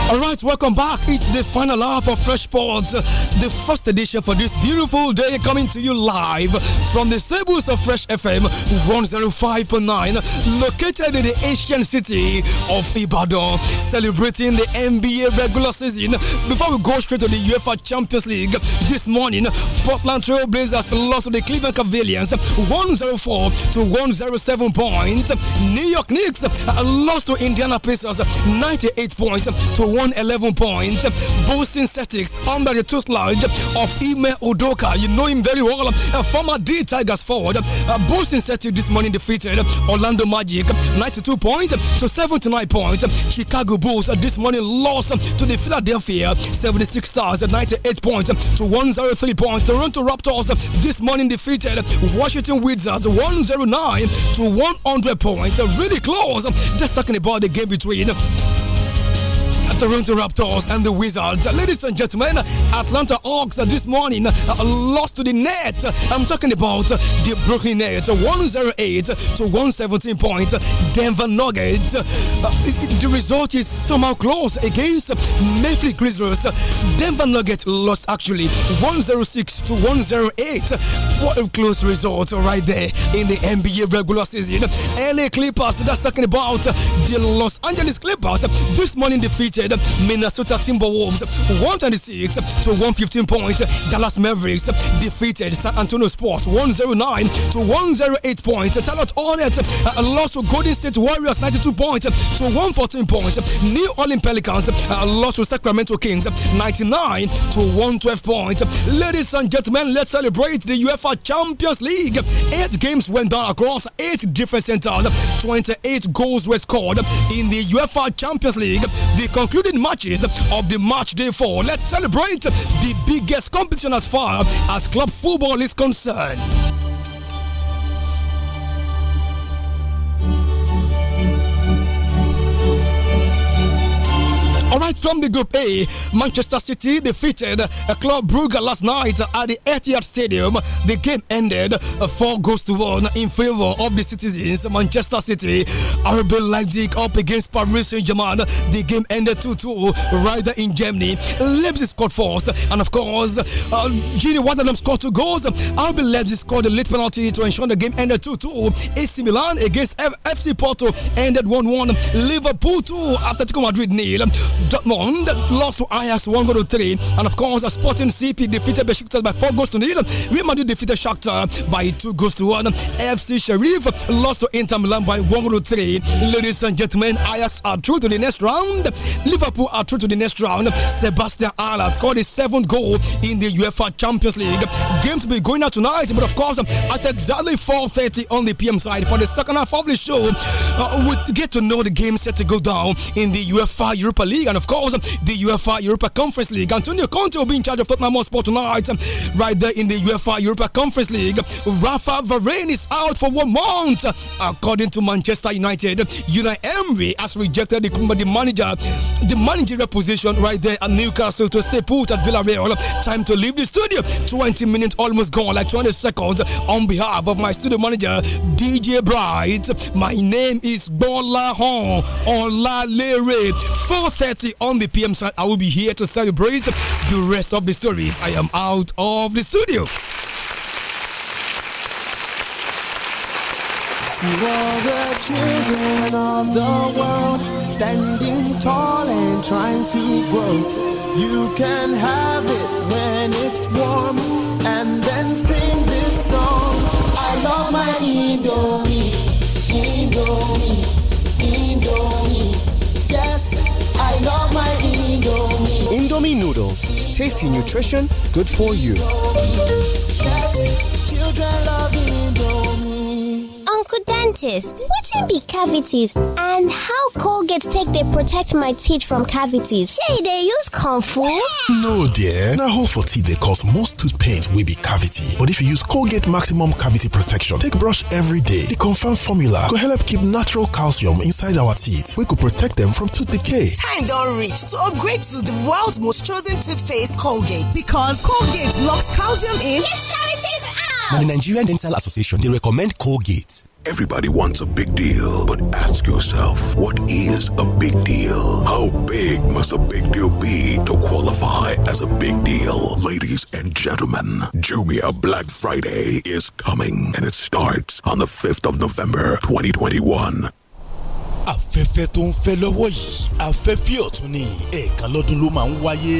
All right, welcome back. It's the final hour of Fresh Port, the first edition for this beautiful day, coming to you live from the stables of Fresh FM 105.9, located in the ancient city of Ibadan, celebrating the NBA regular season. Before we go straight to the UEFA Champions League this morning, Portland Trail Blazers lost to the Cleveland Cavaliers 104 to 107 points. New York Knicks lost to Indiana Pacers 98 points to one eleven points, boosting statistics under the tutelage of Ime Odoka. You know him very well, a former D Tigers forward. Boosting statistics this morning defeated Orlando Magic 92 points to 79 points. Chicago Bulls this morning lost to the Philadelphia 76 Stars 98 points to 103 points. Toronto Raptors this morning defeated Washington Wizards 109 to 100 points. Really close. Just talking about the game between Toronto Raptors and the Wizards. Ladies and gentlemen, Atlanta Hawks this morning uh, lost to the net. I'm talking about the Brooklyn Nets 108 to 117 points. Denver Nuggets. Uh, the result is somehow close against Memphis Grizzlies. Denver Nuggets lost actually 106 to 108. What a close result right there in the NBA regular season. LA Clippers, that's talking about the Los Angeles Clippers this morning defeated outside Minnesota Timberwolves 126 to 115 points. Dallas Mavericks defeated San Antonio Spurs 109 to 108 points. Charlotte Hornets uh, lost to Golden State Warriors 92 points to 114 points. New Orleans Pelicans uh, lost to Sacramento Kings 99 to 112 points. Ladies and gentlemen, let's celebrate the UEFA Champions League. Eight games went down across eight different centers. 28 goals were scored in the UEFA Champions League. The conclusion concluding matches of the match day four. Let's celebrate the biggest competition as far as club football is concerned. All right, from the Group A, Manchester City defeated Club Brugge last night at the Etihad Stadium. The game ended four goals to one in favor of the citizens. Manchester City, RB Leipzig up against Paris Saint-Germain. The game ended 2-2 Ryder in Germany. Leipzig scored first, and of course, uh, Gini Wattenham scored two goals. RB Leipzig scored a late penalty to ensure the game ended 2-2. AC Milan against F FC Porto ended 1-1. Liverpool 2, Atletico Madrid nil. Dortmund lost to Ajax 1 goal to 3. And of course, Sporting CP defeated Besiktas by 4 goals to nil. Real Madrid defeated Shakhtar by 2 goals to 1. FC Sheriff lost to Inter Milan by 1 goal to 3. Ladies and gentlemen, Ajax are through to the next round. Liverpool are through to the next round. Sebastian Haller scored his seventh goal in the UEFA Champions League. Games will be going out tonight, but of course, at exactly 4.30 on the PM side for the second half of the show, uh, we we'll get to know the game set to go down in the UEFA Europa League and of course the UEFA Europa Conference League. Antonio Conte will be in charge of Tottenham Hotspur tonight, right there in the UEFA Europa Conference League. Rafa Varane is out for one month, according to Manchester United. Unai Emery has rejected the, the manager, the managerial position right there at Newcastle to stay put at Villarreal. Time to leave the studio. 20 minutes almost gone, like 20 seconds. On behalf of my studio manager, DJ Bright, my name is Bola Hon Olalere. 4:30 on the PM side. I will be here to celebrate the rest of the stories. I am out of the studio. To all the children of the world, standing tall and trying to grow. You can have it when it's warm and then sing this song. I love my Indomie, Indomie. love my Indomie. Indomie noodles. Tasty nutrition, good for you. Yes, children love Indomie local dentist. in be cavities and how Colgate take they protect my teeth from cavities? Shey they use kung fu. No dear, Now, hold for teeth they cause most tooth pain will be cavity. But if you use Colgate maximum cavity protection take brush every day, the confirmed formula go help keep natural calcium inside our teeth We could protect them from tooth decay. Time don't reach to upgrade to the world's most chosen toothpaste Colgate because Colgate locks calcium in. Yes, cavities out! Now the Nigerian Dental Association they recommend Colgate. Everybody wants a big deal, but ask yourself, what is a big deal? How big must a big deal be to qualify as a big deal? Ladies and gentlemen, Jumia Black Friday is coming, and it starts on the 5th of November 2021. afẹ́fẹ́ tó ń fẹ́ lọ́wọ́ yìí afẹ́fẹ́ ọ̀tún ni lọ́dún ló máa ń wáyé.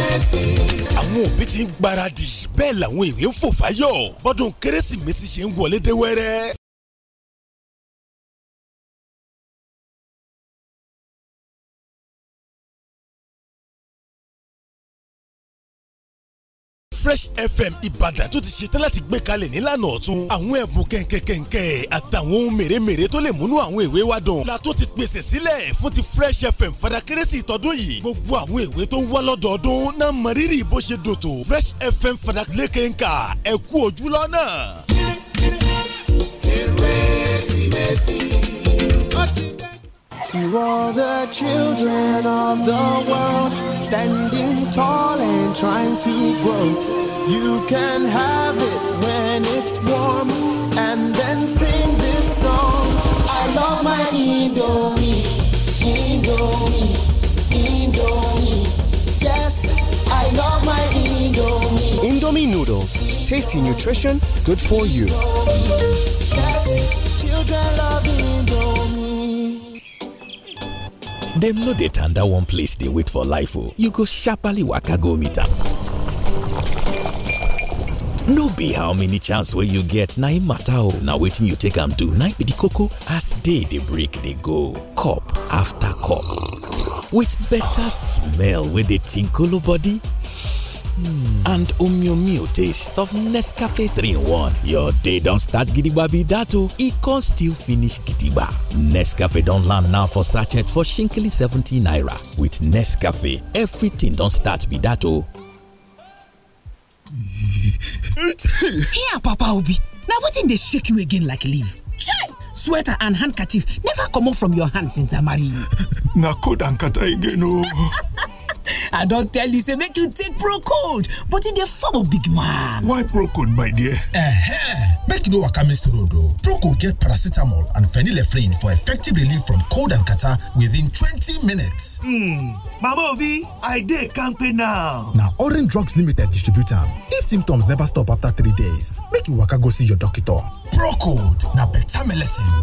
àwọn òbí ti ń gbáradì bẹ́ẹ̀ làwọn èwe ń fò fáyọ̀ bọ́dún kérésìmesì ṣe ń wọlé dé wẹ́rẹ́ Fresh FM Ìbàdàn tó ti ṣetán láti gbé kalẹ̀ nílànà ọ̀tun àwọn ẹ̀bùn kẹ̀kẹ́kẹ̀kẹ́ àtàwọn ohun mèremère tó lè múnú àwọn èwe wa dùn la tó ti pèsè sílẹ̀ fún ti Fresh FM fada kérésì ìtọ́dún yìí gbogbo àwọn èwe tó ń wá lọ́dọọdún náà mọrírì bó ṣe dòtò Fresh FM fada lẹ́kẹ̀ǹkà ẹ kú ojú lọ́nà. kérésìmesì ó To all the children of the world, standing tall and trying to grow, you can have it when it's warm, and then sing this song. I love my Indomie, Indomie, Indomie. Yes, I love my Indomie. Indomie noodles, tasty nutrition, good for you. Yes, children love Indomie. dem no dey tanda one place dey wait for life o oh. you go sharparly waka go meet am no be how many chance wey you get na im matter o oh. na wetin you take am do na be di koko as day dey break dey go cup after cup with better smell wey dey tinkolo body hmm. and Omio taste of Nescafe 3 in 1. Your day don't start gidigba be that oh. it can still finish gidigba. Nescafe don land now for sachet for shinkly 70 naira. With Nescafe, everything don't start be that o. Oh. Here Papa Obi, na wetin they shake you again like leaf? Chai! Sweater and handkerchief never come off from your hands since I marry you. Na cold and kata again oh. i don't tell you say make you take procold but e dey form of big man why procold my dear? eh make you know what miss road o procold get paracetamol and phenylephrine for effective relief from cold and catar within 20 minutes hmm mama obi i dey now. Now orange drugs limited distributor. if symptoms never stop after three days make you waka go see your doctor procold better beta melecine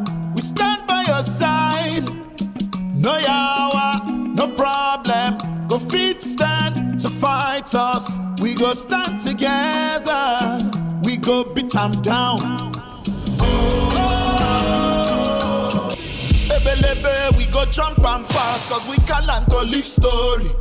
No yawa, no problem. Go feet stand to fight us. We go stand together. We go beat them down. Oh, oh, oh. Ebelebe, we go jump and pass, cause we can't go live story.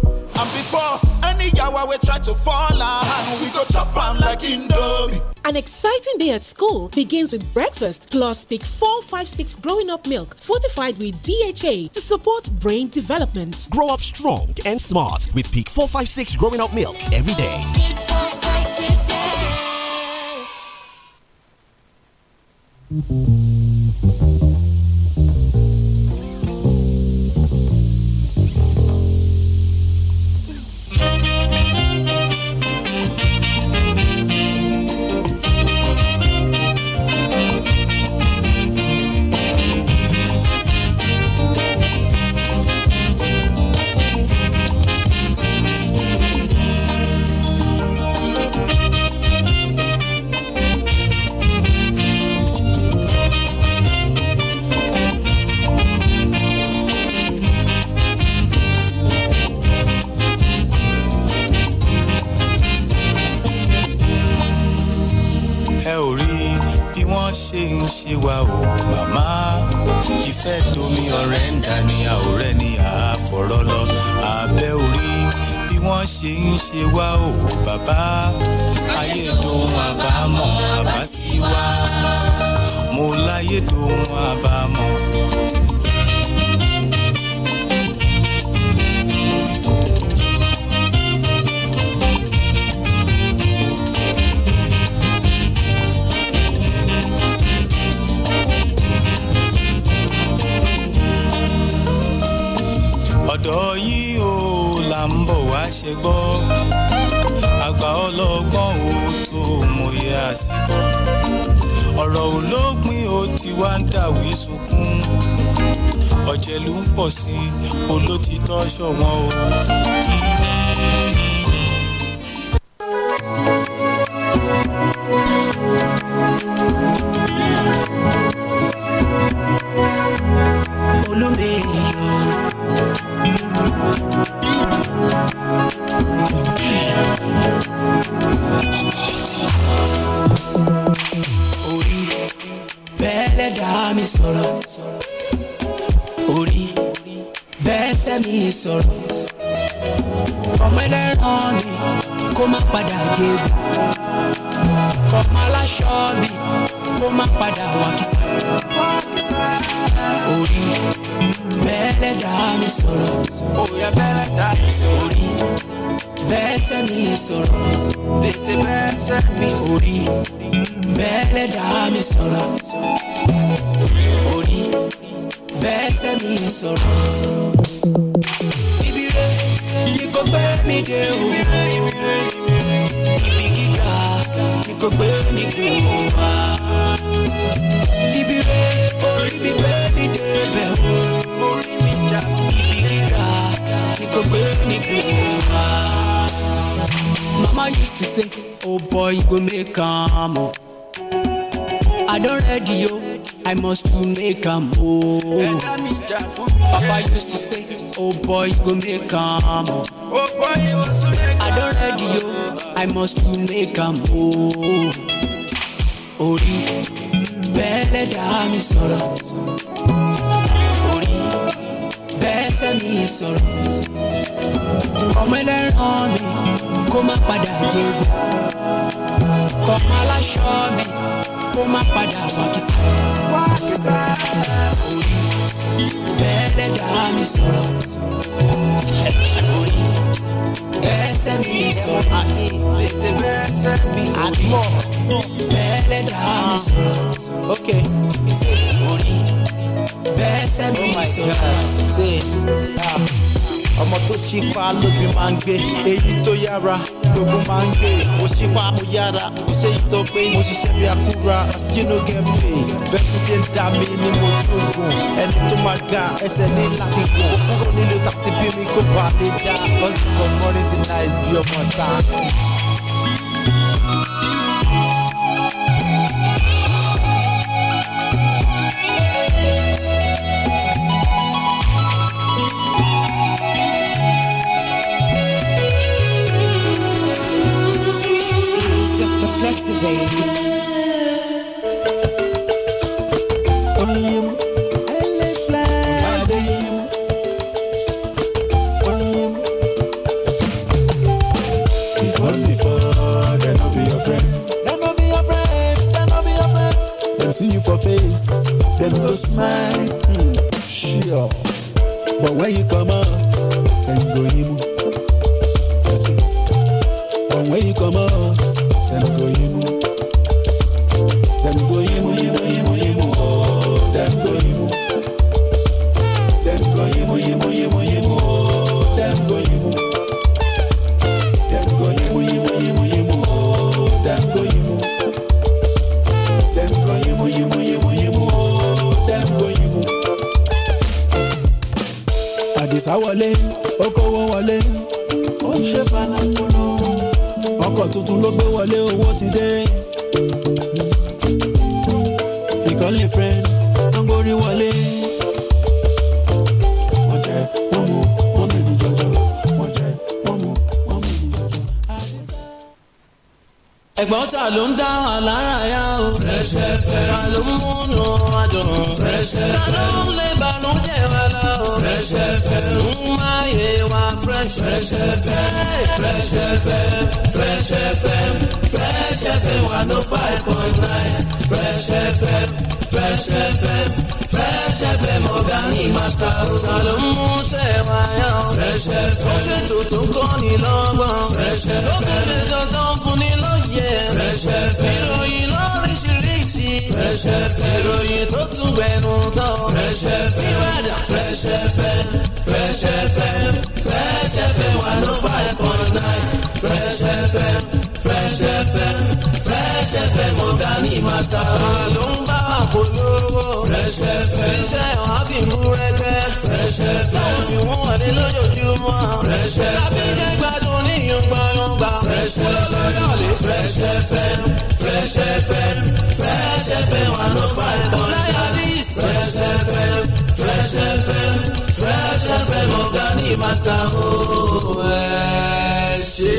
And before any we try to fall on, we go chop on like Indomie. An exciting day at school begins with breakfast plus Peak 456 growing up milk fortified with DHA to support brain development. Grow up strong and smart with Peak 456 growing up milk every day. ayé wa o màmá ìfẹ́ tómi ọ̀rẹ́ ń dání àwòrẹ́ ni àfọ̀rọ̀ lọ abẹ́ orí bí wọ́n ṣe ń ṣe wá o bàbá ayédòun àbámọ̀ àbá ti wá mo láyédòun àbámọ̀. ọ̀dọ̀ yìí o là ń bọ̀ wá ṣe gbọ́ àgbà ọlọ́gbọ́n o tó mòye àsìkò ọ̀rọ̀ olóògbìn o ti wá ń dàwí sunkún ọ̀jẹ̀lú ń pọ̀ sí olótìtọ́ ṣọ̀wọ́n o. olùmẹ̀yọ̀ orí bẹ́ẹ̀lẹ̀ dá mi sọ̀rọ̀ orí bẹ́ẹ̀sẹ̀ mi sọ̀rọ̀ ọmọ ẹlẹ́ran mi kó má padà jẹ́gùn kọ́mọ aláṣọ mi kó má padà bẹ́lẹ̀dá mi sọ̀rọ̀. Òyà bẹ́lẹ̀dá mi sọ̀rọ̀. Orí bẹ́sẹ̀ mi sọ̀rọ̀. Tètè bẹ́sẹ̀ mi sọ̀rọ̀. Orí bẹ́lẹ̀dá mi sọ̀rọ̀. Orí bẹ́sẹ̀ mi sọ̀rọ̀. Ibi rẹ̀ ni kò gbé mi dé o. Ibi rẹ̀ ibi rẹ̀ ni kò gbé mi dé o. Ibi rẹ̀ orí mi gbé. Mama used to say, oh boy, you go make am oh. I don't ready, yo, I must to make am oh. Papa used to say, oh boy, you go make am oh. oh. boy, I don't ready, yo, I must to make am oh. Orí bẹ́ẹ̀lẹ̀ mi sọ̀rọ̀. Orí bẹ́ẹ̀ mi sọ̀rọ̀. ọmọ ẹlẹ́ran mi kó má padà jẹ́gùn kọ́mọ aláṣọ mi kó má padà wákìsà. wákìsà orí bẹ́ẹ̀lẹ̀ dá mi sọ̀rọ̀ lórí ẹsẹ̀ mi sọ̀rọ̀ àti ẹsẹ̀ mi sọ̀rọ̀ bẹ́ẹ̀lẹ̀ dá mi sọ̀rọ̀ ok lórí bẹ́ẹ̀sẹ̀ mi sọ̀rọ̀. ọmọ tó ṣípa lóbi máa ń gbé èyí tó yára lógun máa ń gbé mo ṣípa mo yára mo ṣe yìí tó pé mo ṣiṣẹ́ bí akúra skinny game play ṣe ń dà mí ni mo tún gùn ẹni tó máa ga ẹsẹ̀ ní láti gùn kúrò nílùú tàbí bí mi kó bá lè dá lọ́sìn for morning till night ọmọ ta. see you for face, them go smile. Mm, sure. But when you come out, them go him. But when you come out, them go him. sáwọlé okòwò wọlé ó ń ṣe fanakolo ọkọ̀ tuntun ló gbé wọlé owó ti dé ìkànnì friend tó ń gbórí wọlé. wọ́n jẹ́ wọ́n mú wọ́n mi ní jọjọ wọ́n jẹ́ wọ́n mú wọ́n mi ní jọjọ. ẹ̀gbọ́n ta ló ń dá wa lára yá o. Fresh FM ta ló ń múnú wa dùn. Fresh FM ta ló ń lọ ń jẹ wá lọ. Fresh FM ń máyé wa Fresh Fresh FM Fresh FM Fresh FM Fresh FM wà ló five point nine Fresh FM Fresh FM Fresh FM ọ̀gá ní màtà ọ̀sán ló ń múṣẹ́ wáyà. Fresh FM ó ṣe tuntun kọ́ ni lọ́gbọ̀n. Fresh FM ó tún ṣe dandan fún ni lóye. Fresh FM ìròyìn. Fresh FM ìròyìn tó tún gbẹnu tán. Fresh FM ìwádà Fresh FM Fresh FM Fresh FM one oh five point nine Fresh FM Fresh FM Fresh FM ọ̀gá ní màtá. ló ń bá wa polówó. Fresh FM iṣẹ́ wa fi mú rẹ́gẹ́. Fresh FM tó fi mú wọlé lójoojúmọ́. Fresh FM lábẹ́ jẹ́ gbádùn ní ìyọ̀ngbọ̀nyọ̀ngbà. Fresh FM olórí ọ̀lẹ́ Fresh FM. fresh fm fresh fm one oh five point nine fresh fm fresh fm fresh fm ọ̀gá ní màtà ó ẹ̀ ṣe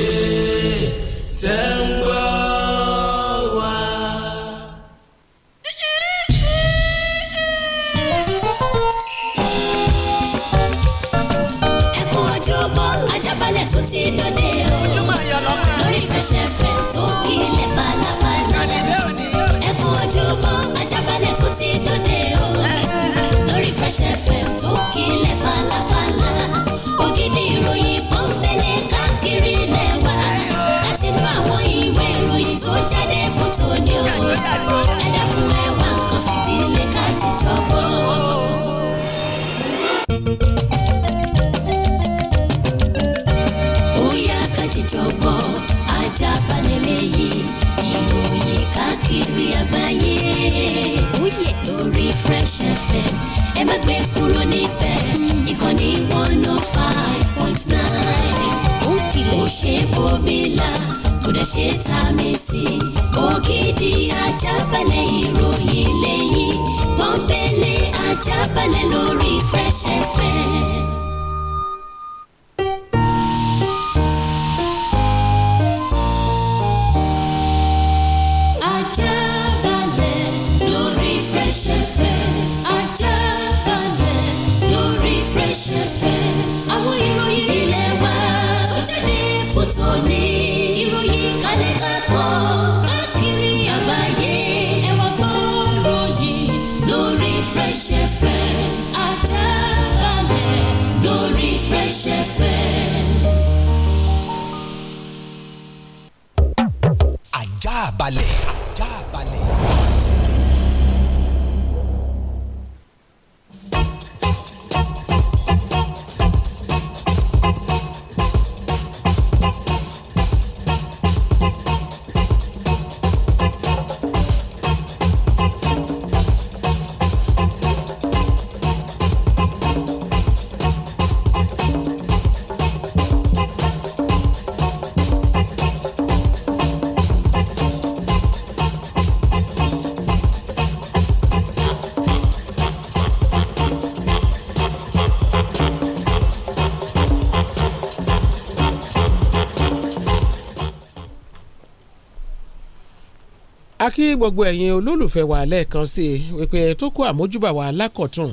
kí gbogbo ẹ̀yin olólùfẹ́ wa lẹ́ẹ̀kan sí i wípé tó kó àmójúbà wa lákọ̀tún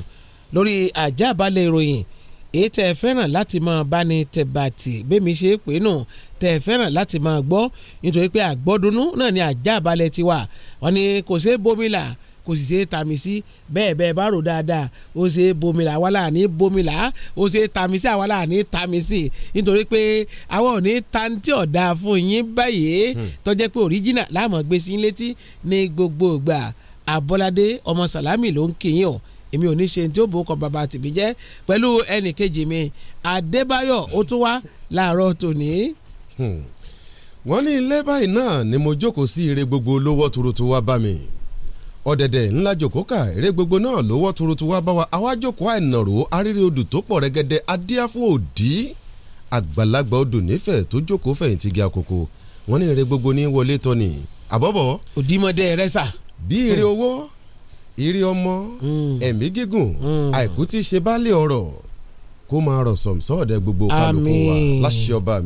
lórí àjábálẹ̀ ìròyìn èyí tẹ́ ẹ fẹ́ràn láti máa bá ní tẹ̀bàtì bẹ́mi ṣe é pé nù tẹ́ fẹ́ràn láti máa gbọ́ nítorí pé àgbọ́dúnú náà ni àjábálẹ̀ tiwa wọ́n ní kò ṣeé bómi là kò sì ṣe é tàmí sí bẹ́ẹ̀ bẹ́ẹ̀ bá rò dáadáa ó ṣe é bomila àwa ní bomila ó ṣe é tàmí sí àwa là ní tàmí sí nítorí pé àwa ò ní ọ̀dà fún yín báyìí hmm. tó pé original láàmú gbé sí létí ní gbogbo ìgbà àbọ́ládé ọmọ sàlámì ló ń kí yín o èmi ò ní ṣe tí ó bò kọ bàbá tìbí jẹ́ pẹ̀lú ẹnì kejì mi Adébáyọ̀ ó tún wá láàárọ̀ tòní hmm. wọ́n ní ilé báyìí náà ni mo jókòó sí ire gbogbo olówó tuurutu wá bá mi ọ̀dẹ̀dẹ̀ ńlá jòkó kà eré gbogbo náà ló wọ́ wá bá wa àwa jòkó àìnàró arírí odò tó pọ̀ rẹ́gẹ́dẹ́ adíá fún òdì àgbàlagbà odò nífẹ̀ẹ́ tó jókòó fẹ̀yìntì gé àkókò wọn ní eré gbogbo ní wọlé tọ́ni àbọ̀bọ̀. òdìmọ̀dé rẹ sà. bí ire owó ire ọmọ hmm. ẹ̀mí gígùn hmm. àìkú tí ṣe baálé ọ̀rọ̀ kó máa rọ̀ sọ̀mùsọ̀ ọ̀dẹ gbogbo kálukú wa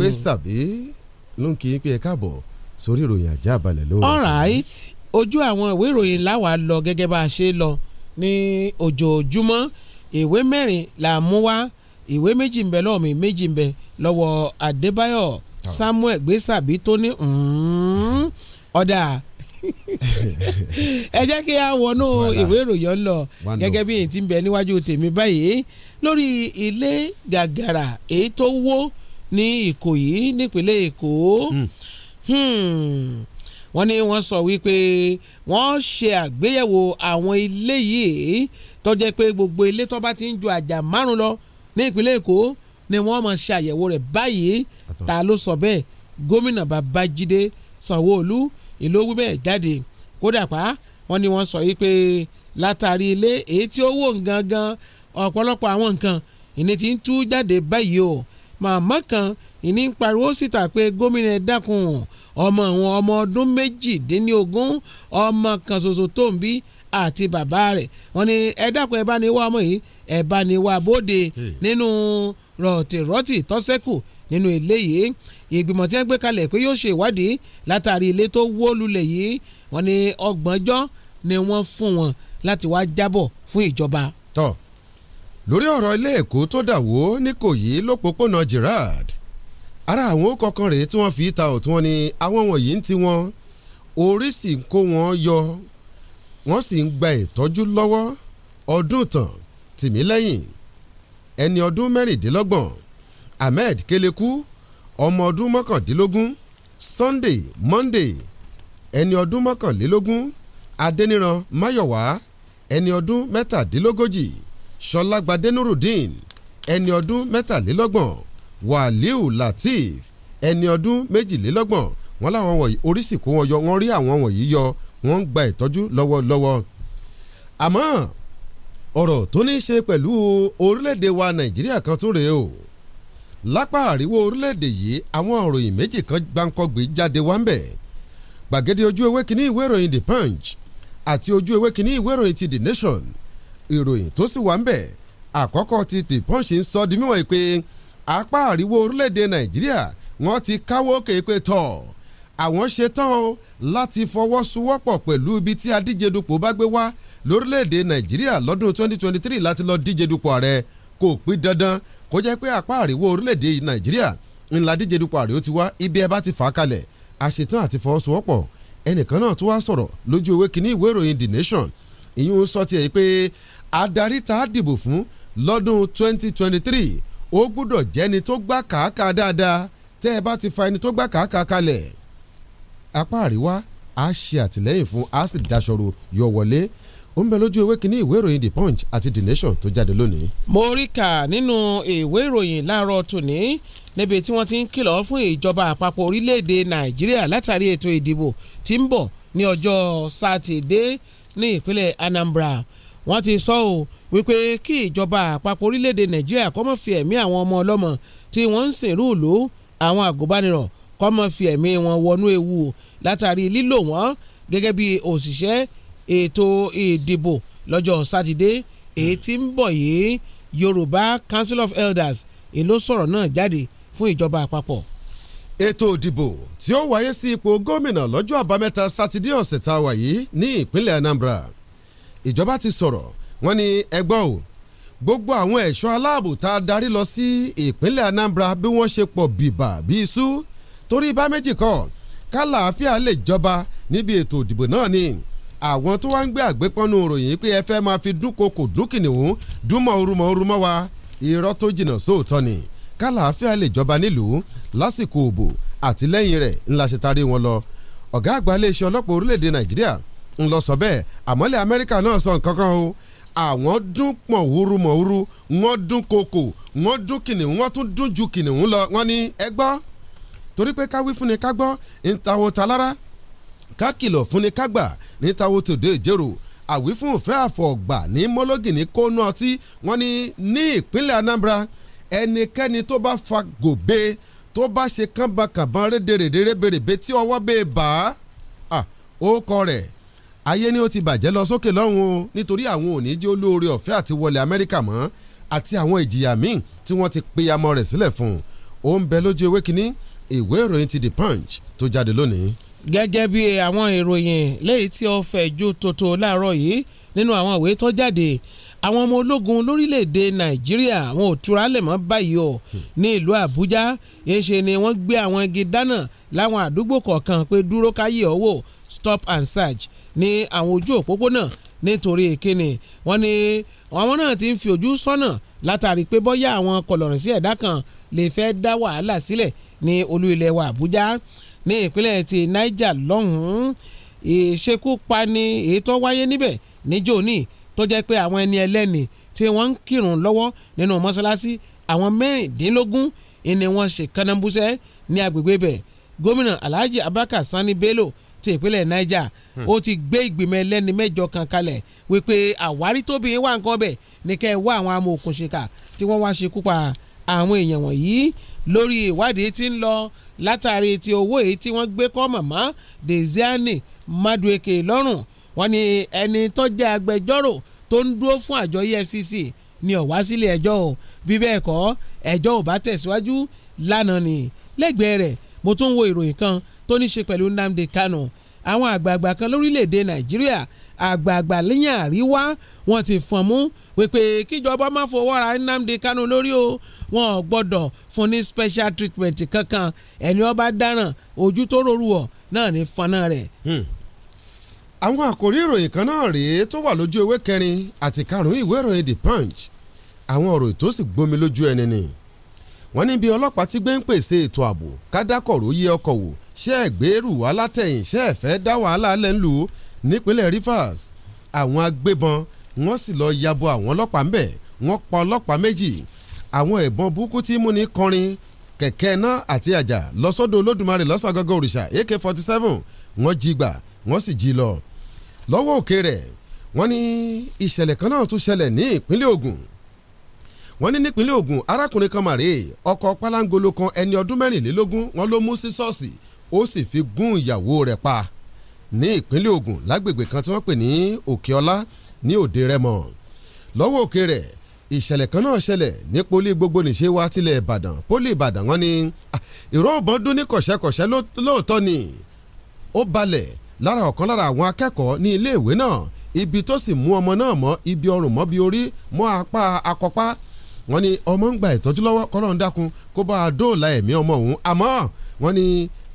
láṣẹ ló ń kí yín pé ẹ káàbọ̀ sórí ìròyìn ajá balẹ̀ lóru. all right ojú àwọn ìwé ìròyìn láwa lọ gẹ́gẹ́ bá a ṣe lọ ní ojoojúmọ́ ìwé mẹ́rin là mú wá ìwé méjì ń bẹ mi méjì ń bẹ lọ́wọ́ Adébáyọ̀ ah. Samuel gbèsàbí tó ní ọ̀dà ẹ jẹ́ kí a wọnú ìwé ìròyìn lọ gẹ́gẹ́ bí èyí tí ń bẹ níwájú tèmi báyìí lórí ilé gàgàrà èyí tó wó ní Ìkòyí nípínlẹ̀ Èkó hmm. Hmm. wọ́n ní wọ́n sọ wípé wọ́n ṣe àgbéyẹ̀wò àwọn ilé yìí tó jẹ́ pé gbogbo ilé tó bá ti ń ju àjà márùn lọ ní ìpínlẹ̀ Èkó ni wọ́n máa ṣe àyẹ̀wò rẹ̀ báyìí ta ló sọ bẹ́ẹ̀ gómìnà Babájídé Sanwó-Olú bẹ́ẹ̀ jáde kódà pa wọ́n ní wọ́n sọ yìí látàrí ilé èyí tí ó wò ń gangan ọ̀pọ̀lọpọ̀ àwọn nǹkan ìní ti ń tú jáde báyìí o màmá kan ìní ń pariwo síta pé gómìnà ẹ dákun ọmọ àwọn ọmọ ọdún méjìdínlógún ọmọ kan ṣoṣo tó ń bí àti bàbá rẹ̀ wọ́n ní ẹ dákun ẹ bá ní wá ọmọ yìí ẹ bá ní wá bóde nínú rọ̀tìrọ̀tì tọ́sẹ́kù nínú eléyìí ìgbìmọ̀ tí wọ́n gbé kalẹ̀ pé yóò ṣe ìwádìí látàrí ilé tó wó lulẹ̀ yìí wọ́n ní ọgbọ̀njọ́ ni wọ́n fún wọn láti wá jábọ̀ fún ìjọba. tọ́ lórí ọ̀rọ̀ ilé ẹ̀kọ́ tó dà wó nìkòyí lópòpónà Gerard ara àwọn kọ̀ọ̀kan rèé tí wọ́n fi ta òtún wọn ni àwọn wọ̀nyí ń tiwọn orí sì ń kó wọn yọ wọ́n sì ń gba ìtọ́jú lọ́wọ́ ọdún tàn tìmílẹ́yìn ẹni ọdún mẹ́rìndínlọ́gbọ̀n Ahmed Keleku ọmọ ọdún mọ́kàndínlógún Sunday Monday ẹni ọdún mọ́kànlélógún Adéníran Máyọ̀wá ẹni ọdún mẹ́tàdínlógójì ṣọlágbadé nurudeen ẹni ọdún mẹ́tàlélọ́gbọ̀n wàlíù lateef ẹni ọdún méjìlélọ́gbọ̀n wọn làwọn wọ̀nyí oríṣìí kó wọn yọ wọn rí àwọn wọ̀nyí yọ wọn ń gba ìtọ́jú lọ́wọ́lọ́wọ́ àmọ́ ọ̀rọ̀ tó ní í ṣe pẹ̀lú orílẹ̀-èdè wa nàìjíríà kan tún rèé o lápá àríwó orílẹ̀-èdè yìí àwọn òròyìn méjì kan gbáǹkọ́gbé jáde wá ń bẹ̀ gbàgede ojú ewé kínní ìwé ìròyìn the punch àti ojú ewé kínní ìwé ìròyìn ti the nation ìròyìn tó sì wà ń bẹ̀ àkọ́kọ́ ti The Punch ń sọ di mímọ̀ pé apá àríwó orílẹ̀-èdè Nàìjíríà wọ́n ti káwọ́ kéèpé tọ̀ àwọn ṣetán o láti fọwọ́sowọ́pọ̀ pẹ̀lú ibi tí adíje dupò bá gbé wá lórílẹ̀-èdè Nàìjíríà lọ́dún 2023 láti lọ díje dupò ààrẹ kò pín dandan kó jẹ́ pé apá àríwó orílẹ̀-èdè Nàìjíríà ńlá díje dupò ààrẹ ó ti wá ibi ẹ bá ti fà á kalẹ̀ àṣetán àti fọwọ́sowọ́pọ̀ ẹnìkan náà tó wá sọ̀rọ̀ lójú ewé kínní ìwé ìròyìn The Nation ìyún sọ tiẹ̀ pé adarí tá a dìbò fún lọ́dún 2023 ó gbọ́dọ̀ jẹ́ni tó gbà kàákà dáadáa tẹ́ ẹ bá ti fa ẹni tó gbà kàákà kalẹ̀ apá àríwá a ṣe àtìlẹ́yìn fún a sì daṣọro yọ wọlé ó ń bẹ lójú ewé kínní ìwé ìròyìn the punch àti the nation tó jáde lónìí. mo rí kà nínú ìwé ìròyìn láàárọ̀ tòní níbi tí wọ́n ti ń kìlọ̀ fún ìjọba àpapọ̀ orílẹ̀‐èdè nàìjíríà látàrí ètò ìdìbò tí ń bọ̀ ní ọjọ́ sátidé ní ìpínlẹ̀ anambra wọ́n ti sọ ọ́ wípé kí ìjọba àpapọ̀ orílẹ̀-èdè nàìjíríà kó má fi ẹ̀mí àwọn ọmọ ọlọ́mọ tí wọ́n ń sìnrú ìlú àwọn àgùnbánirọ̀ kó má fi ẹ̀mí wọn wọnú ewu látàrí lílò wọn gẹ́gẹ́ bí òṣìṣẹ́ ètò ìdìbò lọ́jọ́ sátidé èyí tí ń bọ̀ yìí yorùbá council of elders ìlú sọ̀rọ̀ náà jáde fún ìjọba àpapọ̀. ètò ìdìbò tí ó wáyé sí ipò gómìnà lọ́jọ́ àbámẹ́ta sátidé ọ̀sẹ̀ tá a wà yìí ní ìpínlẹ̀ anambra ìjọba ti sọ̀rọ̀ wọ́n ní ẹgbọ́ o gbogbo àwọn ẹ̀ṣọ́ aláàbò tá a darí lọ sí ìpínlẹ̀ Anambra bí wọ́n ṣe pọ̀ bìbà bí iṣu torí bá méjì kọ́ kálàáfíà lè jọba níbi ètò ìdìbò náà ni àwọn tó wá ń gbé àgbépọ́nú ròyìn pé ẹ fẹ́ máa fi dúnkokò dúnkìnìún dúnmọ̀ orúmọ̀ orúmọ̀ wa irọ́ tó jìnnà sóòótọ́ ni kálàáfíà lè jọba nílùú lásìkò òbò àtìlẹ́yìn rẹ̀ ńlá ṣe tarí wọn lọ ọ̀gá àgbà iléeṣẹ́ ọlọ́pàá orílẹ̀-èdè Nàìjíríà ń lọ sọ bẹ́ẹ̀ àmọ́lẹ̀ Amẹ́ríkà náà sọ nǹkan kan o àwọn dún pọ̀n wúru mọ̀ wúru wọ́n dún koko wọ́n dún kìnìún wọ́n tún dún ju kìnìún lọ wọ́n ní ẹ gbọ́ torí pé ká wí fúnni ká gbọ́ ìtawó talára ká kìlọ̀ fúnni ká gbà nítawo tòde ìjẹ́rò àwífún òfẹ́ àfọ̀gbà ní mọ́lógì ní kónú ọtí wọ́n ní ní ìpínlẹ̀ Anambra ẹnikẹ́ni tó bá fa gòbe tó bá ṣe kánbankànban rédèrèdè rébèrèbè tí ọwọ́ bẹ́ẹ̀ bá a ó kọ rẹ̀ ayé ni ó ti bàjẹ́ lọ sókè lọ́hùn o nítorí àwọn òní jẹ́ olóore ọ̀fẹ́ àti wọlé Amẹ́ríkà mọ́ àti àwọn ìjìyà míì tí wọ́n ti pe amọ rẹ̀ sílẹ̀ fún un ó ń bẹ lójú ewé kínní ìwé ìròyìn ti The Punch tó jáde lónìí. gẹ́gẹ́ bí àwọn ìròyìn léyìí tí ó fẹ̀ ju tòótọ́ láàárọ̀ yìí nínú àwọn ìwé tó jáde àwọn ọmọ ológun lórílẹ̀‐èdè nàìjíríà àwọn ò túra lẹ̀ mọ́ báyìí o ní ìlú àbújá èṣe ni wọ́n gbé àwọn igi dáná láwọn àdúgbò kọ̀ọ̀kan pé dúró káyé ọ̀wọ́ stop and search ní àwọn ojú òpópónà nítorí kíni wọ́n ní àwọn náà ti ń fi ojú sọ́nà látàrí pé bọ́yá àwọn kọlọ̀rìn sí ẹ̀dá kan lè fẹ́ dá wàhálà sílẹ̀ ní olú ilẹ̀ wa Àbújá ní ìpínlẹ̀ ti Niger lọ́hùn-ún ìṣekúpani èyí tó wáyé níbẹ̀ níjó ní tó jẹ́ pé àwọn ẹni ẹlẹ́ni tí wọ́n ń kírun lọ́wọ́ nínú mọ́ṣáláṣí àwọn mẹ́rìndínlógún ni wọ́n ṣe kànáńbùṣẹ́ ní agbègbè bẹ̀ gómìnà Alhaji Abaka Sani Bello ti ìpínlẹ̀ Niger hmm. ó ti gbé ìgbìmọ̀ ẹlẹ́ni mẹ́jọ kan kalẹ̀ wípé àwárí tóbi wà nǹkan bẹ̀ ní kẹ́ ẹ wá àwọn amòòkùnṣìkà tí wọ́n wá ṣekú pa àwọn èèyàn wọ̀nyí lórí ìwádìí tí ń lọ látàrí ti owó èyí tí wọ́n gbé kọ́ màmá Desiani Madueke lọ́rùn wọ́n ní ẹni tó jẹ́ agbẹjọ́rò tó ń dúró fún àjọ EFCC ni ó wá sílé ẹjọ́ o bí bẹ́ẹ̀ kọ́ ẹjọ́ ò bá tẹ̀síwájú lánàá ni lẹ́gbẹ̀ẹ́ rẹ̀ mo tún wo ìròyìn kan tó ní ṣe pẹ̀lú Nnamdi Kanu àwọn àgbààgbà kan lórílẹ̀‐èdè Nàìjíríà àgbààgbà lẹ́yìn àríwá wọn ti fọ́n mú wípé kíjọba má fọwọ́ ra Nnamdi Kanu lórí o wọn ò gbọ́dọ̀ fún ní special treatment kankan ẹni ọba dáràn ojú tó rọrù ọ náà ní fọ́nà rẹ̀. Hmm. àwọn àkòrí ìròyìn kan náà rèé tó wà lójú ewé kẹrin àti karùnún ìwé ìròyìn The Punch àwọn ọ̀rọ̀ tó sì gbomi lójú ẹni ni wọ́n ní bí ọlọ́pàá ti gbé ń pèsè ètò ààbò kádàkọ̀rọ̀ yí ọkọ̀ wò ṣé ẹ̀ gbèrú alátẹ̀yìn ṣé ẹ̀ fẹ́ dá wàhálà lẹ́nu nípínlẹ̀ Rivers àwọn agbébọn wọ́n sì lọ yabo àwọn ọlọ́pàá ńbẹ̀ wọ́n pa ọlọ́pàá méjì àwọn ìbọn burúkú tí mú ní kọrin kẹ̀kẹ́ náà àti àjà lọ́sọ́dọ̀ olódùmarè lọ́sàn gángan òrìṣà AK forty seven wọ́n jí gbà wọ́n sì jí lọ lọ́wọ́ òkè rẹ̀ wọ́n ní ìṣẹ̀lẹ̀ kan náà tún ṣẹlẹ̀ ní ìpínlẹ̀ Ògùn wọ́n ní nípínlẹ̀ Ògùn arákùnrin kan màrè ọkọ̀ pálángolo kan ẹni ọdún mẹ́rìnlélógún wọn ló mú sí ṣọ́ọ̀ṣì ó sì fi gún ìyàwó rẹ̀ pa ní ìpínlẹ̀ Ògùn lágbègbè kan tí wọ́n pè ní Òkèọlá ní Òde Rẹ́mọ lọ́wọ́ òkè rẹ̀ ìṣẹ̀lẹ̀ kan náà ṣẹlẹ̀ ní poli gbogbo nìṣe wa tilẹ̀ Ìbàdàn poli Ìbàdàn wọ́n ní ìró ọ̀bọ̀n dún ní kọ̀ṣẹ́kọ̀ṣẹ́ lóòótọ́ ni ó balẹ̀ lára ọ̀kan lára àwọn akẹ́kọ̀ọ́ ní iléèwé náà ibi tó sì mú ọmọ náà mọ́ ibi ọrùn mọ́ bí orí mọ́ apá akọ́pá wọ́n ní ọmọ ń gba ìtọ́jú lọ́wọ́ kọ́lọ́n dákun kó bá a dóòlà ẹ̀mí ọmọ òun àmọ́ wọ́n ní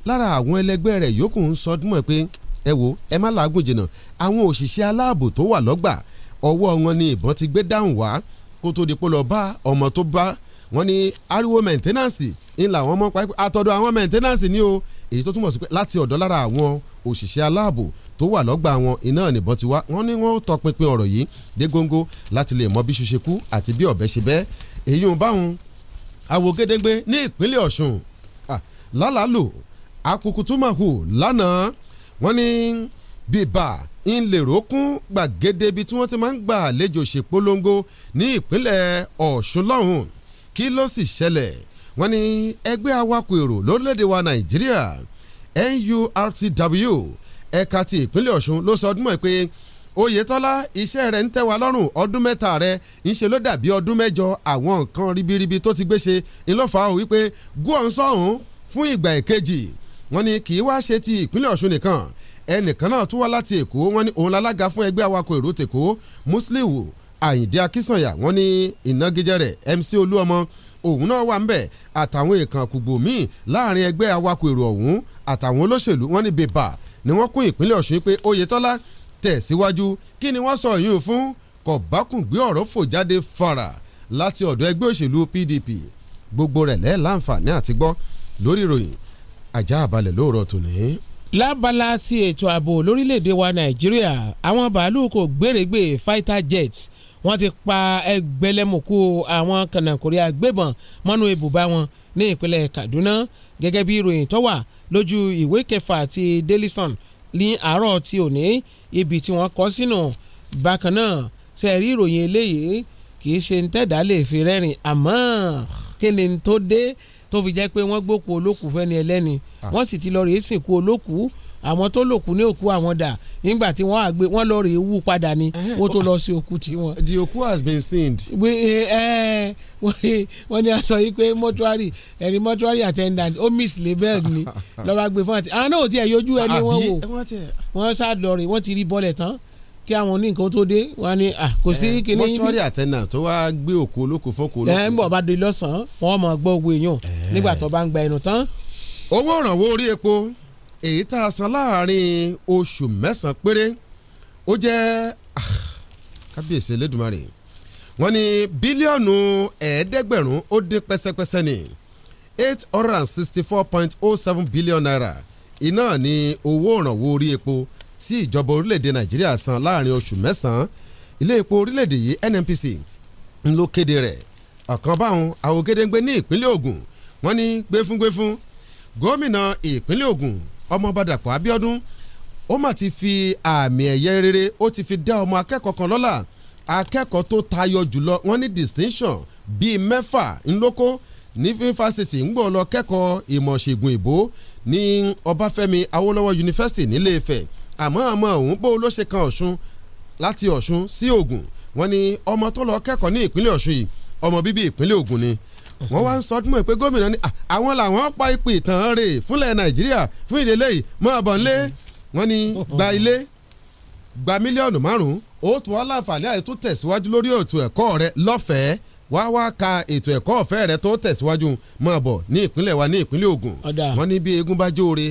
lára àwọn ẹlẹgbẹ́ rẹ̀ yòókù ń sọ dúnmọ̀ pé ẹ wo ẹ má làágùn jìnnà àwọn òṣìṣẹ́ aláàbò tó wà lọ́gbà ọwọ́ wọn ni ìbọn ti gbé dáhùn wá kó tó di pé lọ bá ọmọ tó bá wọ́n ní ariwo mẹ̀ńtẹ́nànsì ńlá àwọn ọmọ pàápàá àtọ̀dọ̀ àwọn mẹ̀ńtẹ́nànsì ni o èyí tó túmọ̀ sí pé láti ọ̀dọ̀ lára àwọn òṣìṣẹ́ aláàbò tó wà lọ́gbà wọn iná ìnìbọn ti wá wọ́n ní wọ́n tọpinpin ọ̀rọ̀ yìí dé góńgó láti lè mọ bí ṣoṣe kú àti bí ọ̀bẹ ṣe bẹ́ èyí ń báwọn àwògedegbe ní ìpínlẹ̀ ọ̀ṣun lálàálù akukutumahu lánàá wọ́n ní bíbà ńlẹ̀rọ̀kún gbàgede ibi tí wọ́n ti máa ń gbà àlejò ṣèpolongo ní ìpínlẹ̀ ọ̀ṣun lọ́hùn kí ló sì ṣẹlẹ̀ wọ́n ní ẹgbẹ́ awakọ̀ èrò lórílẹ̀‐èdè wa nàìjíríà NURTW ẹ̀ka ti ìpínlẹ̀ Ọ̀ṣun ló sọ ọdún mọ̀ pé Oyètọ́lá iṣẹ́ rẹ̀ ń tẹ́ wa lọ́rùn ọdún mẹ́ta rẹ̀ ń ṣe ló dàbí ọdún mẹ́jọ àwọn nǹkan ribiribi tó ti gbé ṣe ńlọ́fà ó wípé gúọ̀n sọ̀hún fún ìgbà èkejì wọ́n ní kì í wá ṣe ti ìpínlẹ̀ Ọ̀ṣun nìkan ẹnìkan náà tún wá láti Èkó wọ́n ní òun lálága fún ẹgbẹ́ awakọ̀ èrò tèkó Musliu Àyìndé Akínsànyà wọ́n ní ìnagijẹ rẹ̀ MC Olúọmọ òun náà wà ń bẹ̀ àtàwọn èèkàn kùgbò míì láàrin ẹgbẹ́ awakọ̀ èrò ọ̀hún àtàwọn olóṣèlú wọn ní bèbà ni wọ́n kún ìpínlẹ̀ Ọ̀ṣun pé Oyètọ́lá tẹ̀síwájú kí ni wọ́n sọ yìí fún kọ̀bákùngbé ọ̀rọ̀ fò jáde fara láti ọ̀dọ̀ ẹgbẹ́ òṣèlú PDP gbogbo rẹ̀ lẹ́ẹ̀ láǹfààní àti gbọ́ lórí ìròyìn ajá àbálẹ̀ lóòrọ̀ tòní. lábala ti ètò ààbò lórílẹ̀‐èdè wa Nàìjíríà àwọn bàálù kò gbèrègbè fighter jets wọ́n ti pa ẹgbẹ̀lẹ́mùkú àwọn kànáńkórí agbébọn mọ́nú ibùba wọn ní ìpínlẹ̀ Kaduna gẹ́gẹ́ bí ìròyìn tó wà lójú ìwé kẹfà àti Daily Sun ní àárọ̀ tí òní ibi tí wọ́n kọ́ sínú bákan náà ṣe rí ìròyìn eléyìí kì í ṣe ń tẹ̀dá lè fi rẹ́rìn àmọ́ kí ni tó dé tó fi jẹ́ pé wọ́n gbókù olókùú fẹ́ni ẹlẹ́ni ah. wọ́n sì ti lọ rèé sìnkú olókùú àwọn tó lòkù ní òkú àwọn dà nígbà tí wọ́n àgbẹ̀ wọ́n lọ rè é wú padà ni wọ́n tó lọ sí òkú tiwọn. the òkú has been seen. wọ́n ní a sọ yìí pé mọ́túárì ẹ̀rí mọ́túárì attendant ó miss label ni lọ́ba gbé fún àti àwọn náà ò tiẹ̀ yọjú ẹni wọ́n wò wọ́n sá lọ rè wọ́n ti rí bọ́lẹ̀ tán kí àwọn oníkan tó dé wọn ni kò sí kíní. mọ́túárì attendant tó wá gbé òkú olókùn fọ́kù olókùn. ẹ ń bọ̀ bá dé lọ́sàn-án wọ́n mọ̀ gbọ́ ògbó èèyàn nígbà tó bá ń gba ẹnu tán. owó ìrànwọ́ orí epo èyí tá a san láàrin oṣù mẹ́sàn péré ó jẹ́ ah, kábíyèsí elédùnmarè wọ́n ni bílíọ̀nù ẹ̀ẹ́dẹ́gbẹ̀rún ó dín pẹ́sẹ́pẹ́sẹ́ ni eight hundred and sixty four point oh seven billion naira iná ní owó orí epo tí ìjọba orílẹ̀-èdè san láàrin oṣù mẹ́sàn-án epo orílẹ̀-èdè NNPC ń ló kéde rẹ̀ ọ̀kan báwọn àwògedengbe ní ìpínlẹ̀ ọmọọba Dàpọ̀ Abíọ́dún ó mà ti fi àmì ẹ̀yẹ rere ó ti fi dá ọmọ akẹ́kọ̀ọ́ kan lọ́lá akẹ́kọ̀ọ́ tó tayọ jùlọ wọ́n ní distinction bíi mẹ́fà ńlọ́kọ́ ní fásitì ń gbọ́ lọ kẹ́kọ̀ọ́ ìmọ̀ ṣègùn ìbò ní Ọbáfẹ́mi Awólọ́wọ̀ yunifásitì nílé Ifẹ̀ àmọ́ àmọ́ òun bó ló ṣe kan Ọ̀ṣun láti Ọ̀ṣun sí Ògùn wọ́n ní ọmọ tó lọ kẹ́kọ̀ọ́ ní ìpínlẹ̀ Ọ̀ṣun yìí ọmọ bíbí ìpínlẹ̀ Ògùn ni wọ́n wá ń sọ ọdún mọ̀ pé gómìnà ni ah, àwọn làwọn pa ipò ìtàn rè fúnlẹ̀ nàìjíríà fún ìdílé yìí mọ́ ọ̀bọ̀ ńlé wọ́n ní gba ilé gba mílíọ̀nù márùn-ún ó tún wá láǹfààní àìtú tẹ̀síwájú lórí ètò ẹ̀kọ́ rẹ lọ́fẹ̀ẹ́ wá wá ka ètò ẹ̀kọ́ ọ̀fẹ́ rẹ tó tẹ̀síwájú mọ́ ọ̀bọ̀ ní ìpínlẹ̀ wa ní ìpínlẹ̀ ogun wọ́n ní bí eégún bá jóore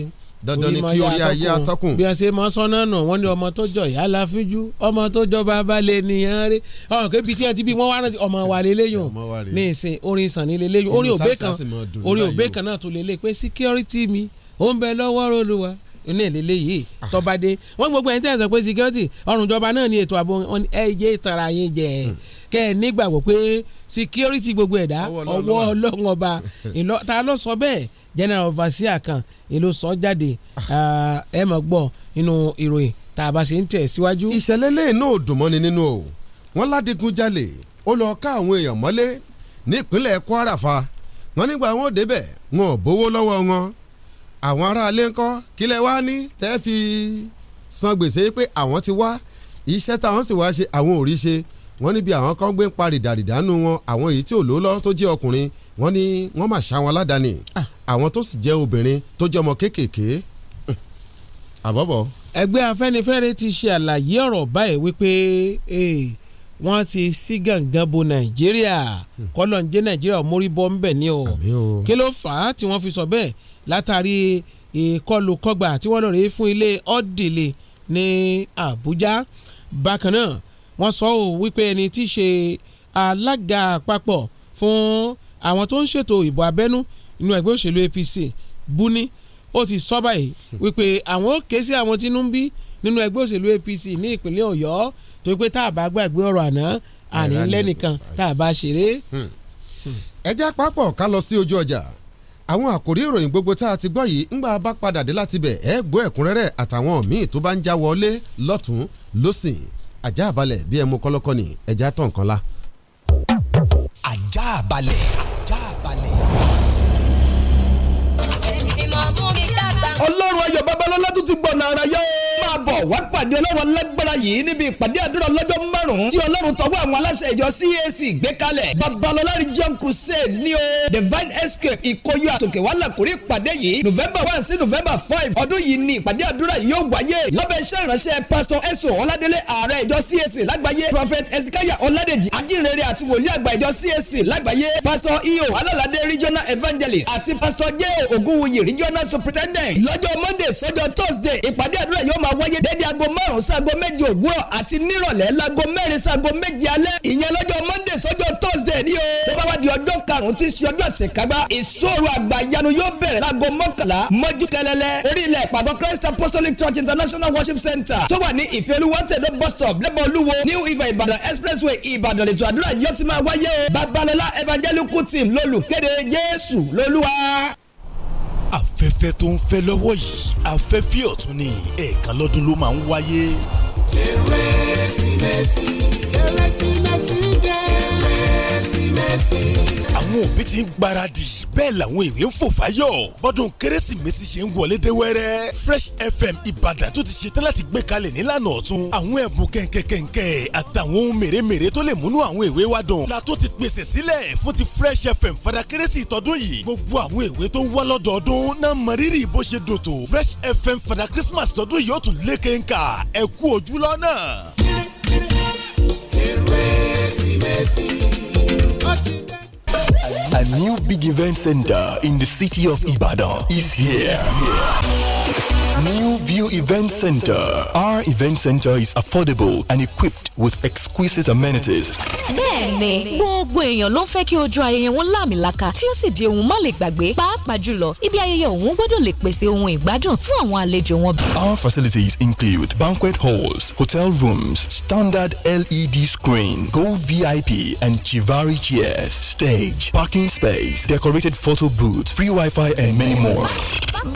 dandan ni kí orí ayé atọ́kùn. bí wọ́n ṣe mọ sọ́nà nù wọ́n ní ọmọ tó jọ ìyá láfíjú ọmọ tó jọ bàbá lè nìyàn rẹ ọ̀hún kébi tí wọ́n ti bí wọ́n wá rántí ọmọ wa lélẹ́yìn ní ìsìn orin ìsàn ní lélẹ́yìn orin òbẹ́ kan orin òbẹ́ kan náà tó lélẹ́ pé security mi ó ń bẹ lọ́wọ́ Olúwa ní ìlélẹ́ yìí ah. tọ́ba dé wọ́n gbogbo ẹni tẹ̀sán pé security ọrùn ìjọba náà ní ètò ààbò ẹ̀yẹ ìtara yín jẹ hmm. kẹ́ ẹ nígbàgbọ́ pé security gbogbo ẹ̀dá ọwọ́ Ọlọ́run general overseer kan èlò sọ jáde ah. Ah, ẹ mọ̀ gbọ́ nínú ìròyìn tá a bá ṣe ń tẹ̀ síwájú. ìṣẹ̀lẹ̀ lẹ́yìn náà ò dùn mọ́ni nínú o wọ́n ládìgúnjalè ó lọ ká àwọn èèyàn mọ́lé ní ìpínlẹ̀ Kwara fa wọ́n nígbà wọn ò débẹ̀ wọn ò bówó lọ́wọ́ wọn àwọn aráalé ńkọ́ kílẹ̀ wá ní tẹ́ fi san gbèsè pé àwọn ti wá iṣẹ́ táwọn sì wá ṣe àwọn ò rí ṣe wọ́n níbi àwọn kan gbé ń parí dàrídàánú wọn àwọn èyí tí ò lówó lọ́wọ́ tó jẹ́ ọkùnrin wọ́n ní wọ́n mà ṣá wọn ládàáni àwọn tó sì jẹ́ obìnrin tó jẹ́ ọmọ kéékèèké àbọ̀bọ̀. ẹgbẹ́ afẹ́nifẹ́re ti ṣe àlàyé ọ̀rọ̀ báyìí wípé wọ́n ti sí gàngán bo nàìjíríà kọ́lọ́njẹ́ nàìjíríà mórí bọ́ ńbẹ̀ ni o kí ló fà á tí wọ́n fi sọ bẹ́ẹ̀ látàrí ìkọlù kọgbà tí wọ́n lọ rèé fún ilé ọ́dìlẹ̀ ní àbújá bákan náà wọ́n sọ ọ́ wípé ẹni tí í ṣe alága àpapọ̀ fún àwọn tó ń ṣètò ìbò abẹ́nú inú ẹgbẹ́ òṣèlú APC Buni ó ti sọ báyìí wípé àwọn ó ké sí àwọn tí inú ń bí nínú ẹgbẹ́ òṣèlú APC ní ìpínlẹ̀ Ọ̀yọ́ tó pé tá a bá gbàgbé ọ̀rọ̀ àná àní lẹ́nìkan tá a bá ṣeré. Hmm. ẹ já pápọ̀ ká lọ sí ojú ọjà àwọn àkòrí ìròyìn gbogbo tá a ti gbọ́ yìí ńgbà bá padà dé láti bẹ̀ ẹ́ gbọ́ ẹ̀kúnrẹ́rẹ́ àtàwọn míì tó bá ń já wọlé lọ́tún lọ́sìn ajá balẹ̀ bí ẹ mú kọ́lọ́kọ́ ni ẹja tán kan la. ajá balẹ̀ ajá balẹ̀. ọlọ́run ayọ̀ babalọ́lá tó ti gbọ̀nà ara yá o bọ̀ wá pàdé ọlọ́run lágbára yìí níbi ìpàdé àdúrà lọ́jọ́ márùn-ún tí ọlọ́run tọwọ́ àwọn aláṣẹ ìjọ CAC gbé kalẹ̀ babalọlá region crusade ní o divine escape ìkóyọ àtòkè wà lákòrí ìpàdé yìí november one sí november five ọdún yìí ni ìpàdé àdúrà yìí yóò wáyé lábẹ́ iṣẹ́ ìránṣẹ́ pastor eso ọládélé ààrẹ ìjọ CAC lágbàáyé prophet ezekiah ọládèjì ajínrere àti wòlíì àgbà ìjọ CAC lágbàáyé pastor eo alálàdé regional evangelist àti pastor j ògúnwùyí regional superintendent lọ́jọ́ monday sọ́jọ́ thursday ìpàdé àdúrà yóò máa wáyé wáyé dédé aago márùn-ún sago méje òwúrọ̀ àti nírọ̀lẹ́ lago mẹ́rin sago méje alẹ́ ìyẹn lọ́jọ́ monday sọ́jọ́ thursday ni o. tó bá wá di ọjọ́ karùn-ún tí í ṣe ọjọ́ àṣekágbá ìṣòro àgbàyanu yóò bẹ̀rẹ̀ lago mọ́kànlá mọ́jú kẹlẹ́lẹ́ orílẹ̀ ìpàgọ́ christ apostolic church international worship center tó wà ní ìfẹ́lúwọ́tẹ̀dọ̀ bus stop lẹ́bọ̀ olúwo new ife ìbàdàn expressway ìbàdàn ètò àdúrà yóò ti máa wáyé o babalọla evangelical team lólùkéde jésù lólúwa afẹ́fẹ́ tó ń fẹ́ lọ́wọ́ yìí afẹ́fẹ́ ọ̀tun ni ẹ̀ẹ̀kan lọ́dún ló máa ń wáyé. kérésìmesì kérésìmesì àwọn òbí ti ń gbáradì bẹ́ẹ̀ làwọn èwe ń fò fáyọ̀ bọ́dún kérésìmesì ṣe ń wọlé dé wẹ́rẹ́ Fresh FM Ìbàdàn tó ti ṣe tán láti gbé kalẹ̀ nílànà ọ̀tun àwọn ẹ̀bùn kẹ̀kẹ́kẹ̀kẹ́ àtàwọn ohun mèremère tó lè múnú àwọn èwe wa dùn la tó ti pèsè sílẹ̀ fún ti Fresh FM fada kérésì ìtọ́dún yìí gbogbo àwọn èwe tó ń wá lọ́dọọdún náà mọ rírì bó ṣe dòtò Fresh FM fada Christmas tọdún yìí ó tún lékè ńkà ẹ kú kérésìmesì A new big event center in the city of Ibadan is here. Is here. New View Event Center. Our event center is affordable and equipped with exquisite amenities. Bẹ́ẹ̀ni, gbogbo èèyàn ló ń fẹ́ kí ojú ayẹyẹ wọn lámìlaka tí ó sì di ohun má lè gbàgbé pàápàá jùlọ ibi ayẹyẹ òun gbọ́dọ̀ lè pèsè ohun ìgbádùn fún àwọn àlejò wọn. Our facilities include banquet halls, hotel rooms, standard LED screen, gold VIP and Chivari chairs, stage, parking space, decorated photo booth, free Wi-Fi and many more.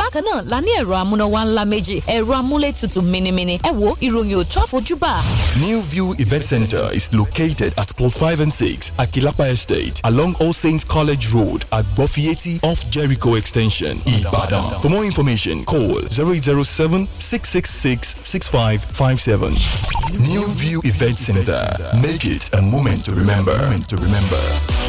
Bákan náà, la ní ẹ̀rọ amúnáwá ńlá ẹ̀rọ mínímíní ẹ wo ìròyìn ò New View Event Center is located at plot five and six Akilapa Estate along All Saints College Road at Bofieti off Jericho Extension, Ibadan. For more information, call 007 666 6557. New View Event Center. Make it a moment to remember. Moment to remember.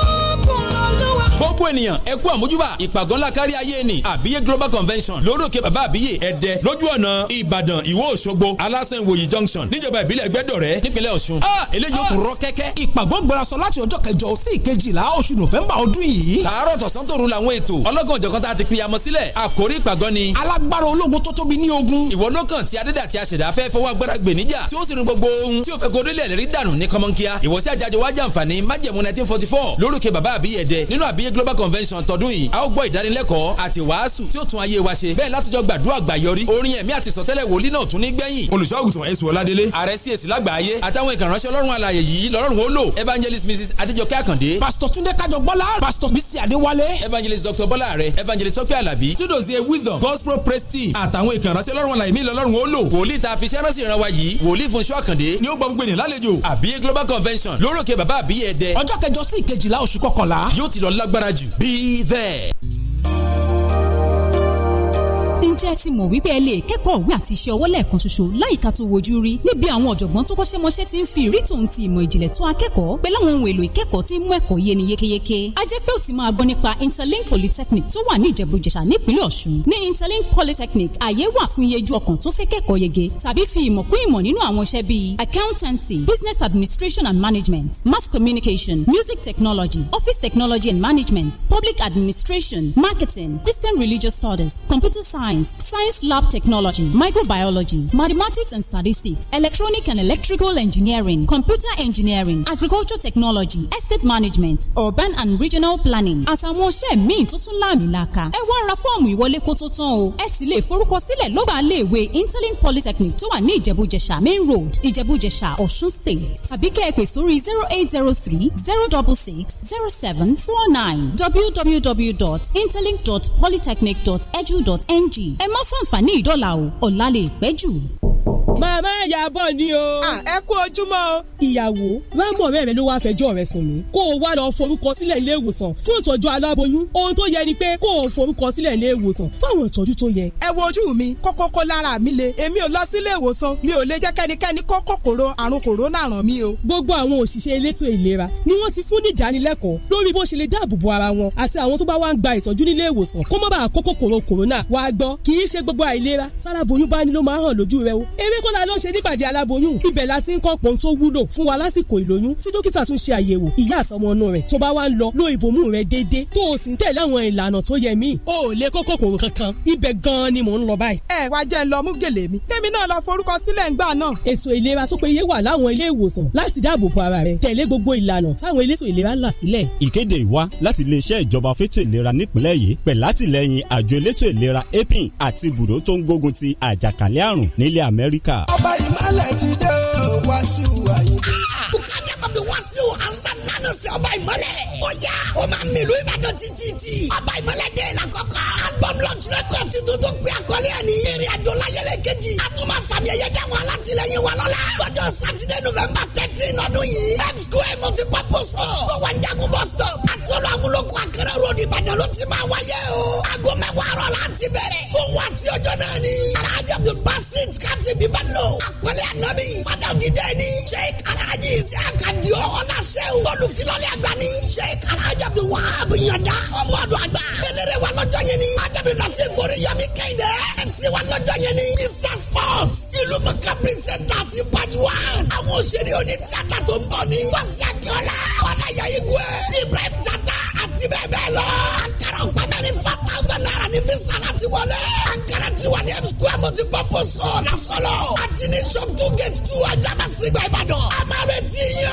gbogbo ènìyàn ẹ kú àmójúbà ìpàgọ́lá kárí ayé ni àbíyé global convention lórókè bàbá àbíyé ẹ̀dẹ́ lójú ọ̀nà ìbàdàn ìwó òṣogbo alásẹ̀wòyí junction níjọba ìbílẹ̀ gbẹ́dọ̀rẹ́ nípínlẹ̀ ọ̀ṣun. a ah, eléyìí ó tún rọ kẹ́kẹ́. ìpàgọ́ gbọ́dọ̀sọ láti ọjọ́ kẹjọ sí ìkejìlá oṣù nọ́fẹ̀mbà ọdún yìí. tààrọ̀ tọ̀sán tòru làwọn ètò ọlọ́gàn ti pìyàmọ́ sílẹ̀ àkórí ìpàgọ́ ni. alágbára ológun tó tóbi ogun. ìwọ ló kàn tí adédà tí a ṣẹ̀dá fẹ́ fọwọ́ agbára gbè níjà tí ó sì rin gbogbo ohun tí ó fẹ́ gorí lẹ̀ rí dànù ní kọ́mọ́nkíá. ìwọ sí àjàjọ wájà bàbá àbíyẹ̀dẹ nínú àbíyẹ global convention tọdún yìí a ó gbọ́ ìdánilẹ́kọ̀ọ́ àti wàásù tí ó tún ayé wa ṣe bẹ́ẹ̀ látijọ́ gbàdúrà gbàyọrí orin ẹ̀mí àti sọ̀tẹ́lẹ̀ wòlíì náà tún ní gbẹ̀yìn. olùṣọ́àgùtàn ẹ̀sùn ọ̀ládélé ààrẹ csc lágbàáyé àtàwọn ìkànránṣẹ́ ọlọ́run alààyè yìí lọ́rùn ó lò evangelist mrs adéjọkẹ́ àkàndé. pastor túndé kájọgbọ́lá pastor evangelist dr bọ́lá rẹ̀ evangelist tọ́pẹ́ alábí chidozie wisdom gospel praise team àtàwọn ìkànránṣẹ́ ọlọ́run alààyè mi lọ́rùn ó lò. wòlíì ta fi sẹ́rẹ́sì ìran wa yìí ni ó gbọ́ global convention lórókè bàbá àbíyé ẹ̀dẹ. ọjọ́ kẹjọ sí ìkejìlá kọkànlá yóò ti lọ lágbára jù be there ǹjẹ́ ti mọ̀ wípé ẹ lè kẹ́kọ̀ọ́ ìwé àti iṣẹ́ ọwọ́ lẹ́ẹ̀kan ṣoṣo láyìíká tó wojú rí níbi àwọn ọ̀jọ̀gbọ́n tó kọ́ṣẹ́mọṣẹ́ ti ń fi ìrítùn ti ìmọ̀ ìjìnlẹ̀ tó akẹ́kọ̀ọ́ pẹ̀lú àwọn ohun èlò ìkẹ́kọ̀ọ́ tí ń mú ẹ̀kọ́ yé ni yékéyéké. a jẹ́ pé o ti máa gbọ́ nípa interlink polytechnic tó wà ní ìjẹ̀bú-jẹ̀ṣà nípínlẹ̀ ọ̀ṣun. ní interlink polytechnic àyè wà fún iyeju ọkàn tó fẹ́ kẹ́kọ̀ọ́ yege tàbí fi ìmọ̀ kún ìmọ̀ nínú àwọn iṣẹ́ bíi accountancy business administration and management mass communication music technology office technology and management public administration marketing christian religious studies computer science science, science lab technology, microbiology, mathematics and statistics, electronic and electrical engineering, computer engineering, agriculture technology, estate management, urban and regional planning àtàwọn iṣẹ́ míì tó tún láàmìlàaka. ẹ wá ra fọ́ọ̀mù ìwọlé kó tó tán o ẹ sì lè forúkọsílẹ̀ lọ́gbà léèwé interlink polytechnic tó wà ní ìjẹ̀bújẹ̀ṣà main road ìjẹ̀bújẹ̀ṣà ọ̀ṣun state tàbí kẹ́ ẹ pè sórí zero eight zero three zero double six zero seven four nine www.interlink.polytechnic.edu.ng yìí ẹ má fàǹfààní ìdọ́là o ọ̀la lè pẹ́ jù. Màmá ẹ̀yà bọ̀ ni o. Ẹ kú ojúmọ́. Ìyàwó, rámọ̀ ọ̀rẹ́ rẹ ló wá fẹjọ́ rẹ sùn mí. Kó o wá lọ forúkọ sílẹ̀ ilé ìwòsàn fún ìtọ́jú aláboyún. Ohun tó yẹ ni pé kó o forúkọ sílẹ̀ ilé ìwòsàn fáwọn ìtọ́jú tó yẹ. Ẹ wo ojú mi, kókó kó lára mi le. Èmi ò lọ sí ilé ìwòsàn, mi ò lè jẹ́ kẹ́nikẹ́ni kó kòkòrò àrùn kòrónà ràn mí o. Gbogbo àwọn òṣìṣẹ́ elétò ìlera ni wọ́n ti fún ní ìdánilẹ́kọ̀ọ́ lórí bó ṣe lè dáàbòbo ara wọn àti àwọn tó bá wá ń gba ìtọ́jú nílé ìwòsàn kó má bàa kó kòkòrò kòrónà. Wàá gbọ́, kì í ṣe gbogbo àìlera tálábòyún bá ní ló máa hàn lójú rẹ o eré kọ́lá ló ń ṣe nípàdé aláboyún ibẹ̀ la ti ń kọ́ pọ̀n tó wúlò fún wa lásìkò ìlóyún tí dókítà tún ṣe àyẹ̀wò ìyá àsọmọnú rẹ̀ tó bá wá ń lọ lo ìbomú rẹ̀ déédéé tó o sì ń tẹ̀lé àwọn ìlànà tó yẹ mí o ò lè kó kòkòrò kankan ibẹ̀ gan-an ni mò ń lọ báyìí. ẹ wá jẹ́ lọ mú gèlè mi kémi náà lọ forúkọ sílẹ̀ ń gbà náà. ètò ìlera tó péye wà láwọn ilé ìwòsàn láti dáàbò bo ara rẹ tẹ̀lé gbogbo ìlànà táwọn elétò ìlera là sílẹ̀. ìkéde àti ibùdó tó ń gbógun ti àjàkálẹ̀ àrùn nílẹ̀ Amẹ́ríkà. ọba ìmọ̀lẹ̀ ti dé o wá sí ìwà yìí. Oh, oh, de wá sí o ansa nánà sí ọba ìmọ̀lẹ̀. ó yá o máa mèlú ìbàdàn títí. ọba ìmọ̀lẹ̀ dé la kọ́kọ́. album launch record tuntun tó gbé àkọlé ẹ̀ e ní. eré àjò láyẹlẹ kejì. a tún máa fàmì ẹ̀yẹ dáwọn alátìlẹyìn wa lọ́la. lọ́jọ́ sátidé november thirteen ọdún yìí. m square multipurpose hall. tó wà ń jagun bus stop. àtúnṣe amúlòkọ akẹrẹ road ìbàdàn ló ti máa wáyé o. aago mẹ́wàá rọ̀ la ti bẹ̀rẹ̀. kó wá sí ọjọ́ náà ni. alhaji abdul basit kati bíbélò. àpẹẹrẹ anabi. fada òdìdẹ ni. sheikh alhaji isaka àjọ ọ̀nàṣẹ́ o. olùfilọ́lẹ̀ àgbà ni. ṣé kàràjà bí wà á bí yànjá. ọmọ ọdún àgbà. eléré wa lọ́jọ́ yẹn ni. ajabi láti forí yọmi kéde. mc wa lọ́jọ́ yẹn ni. mr sports. ìlú mọ̀ká pírísẹ̀tà ti part one. àwọn òṣèré oní tíátà tó ń bọ̀ ni. wàsí akíọ́lá. ọ̀nàyà igwe. ibrahim jata àti bẹ́ẹ̀ bẹ́ẹ̀ lọ. àkàrà ọ̀pamẹ́rin fa thousand naira ní ti sara ti wọlé. àkàrà ti wà ní mc mo ti pọ́pọ́ sọ̀ọ́ lásọ̀lọ̀. àti ní shop two gate two ajabasi gba ìbàdàn. a máa retí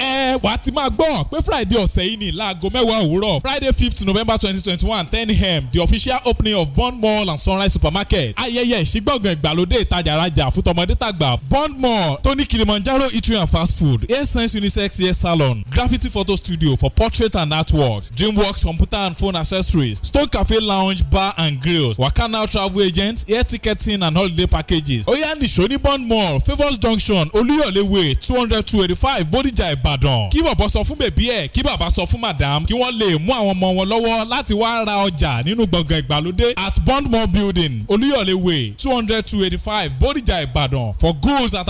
ẹ eh, wàá ti máa gbọ́ pé friday ọ̀sẹ̀ yìí ní láago mẹ́wàá òwúrọ̀ friday fifth november twenty twenty one ten am the official opening of bond mall and sunrise supermarket ayẹyẹ ìṣígbọ̀ngàn ìgbàlódé ìtajà arajà fún tọmọdé tàgbà bond mall tony kilimanjaro eatery and fast food air science unisex hair salon graffiti photo studio for portrait and artworks dreamworks computer and phone accessories stone cafe lounge bar and grills wakana travel agents air ticketing and holiday packages oyanisho ní bond mall favours junction olúyọ̀lé way two hundred two eighty five bodijà ìbàdàn. Ìbàdàn kí bọ̀bọ̀ sọ fún bèbí ẹ̀ kí bàbá sọ fún madam kí wọ́n lè mú àwọn ọmọ wọn lọ́wọ́ láti wá ra ọjà nínú gbọ̀ngàn ìgbàlódé at Bondmore Building Olúyọ̀lé Way two hundred two eighty five Bódìjà Ìbàdàn for goals at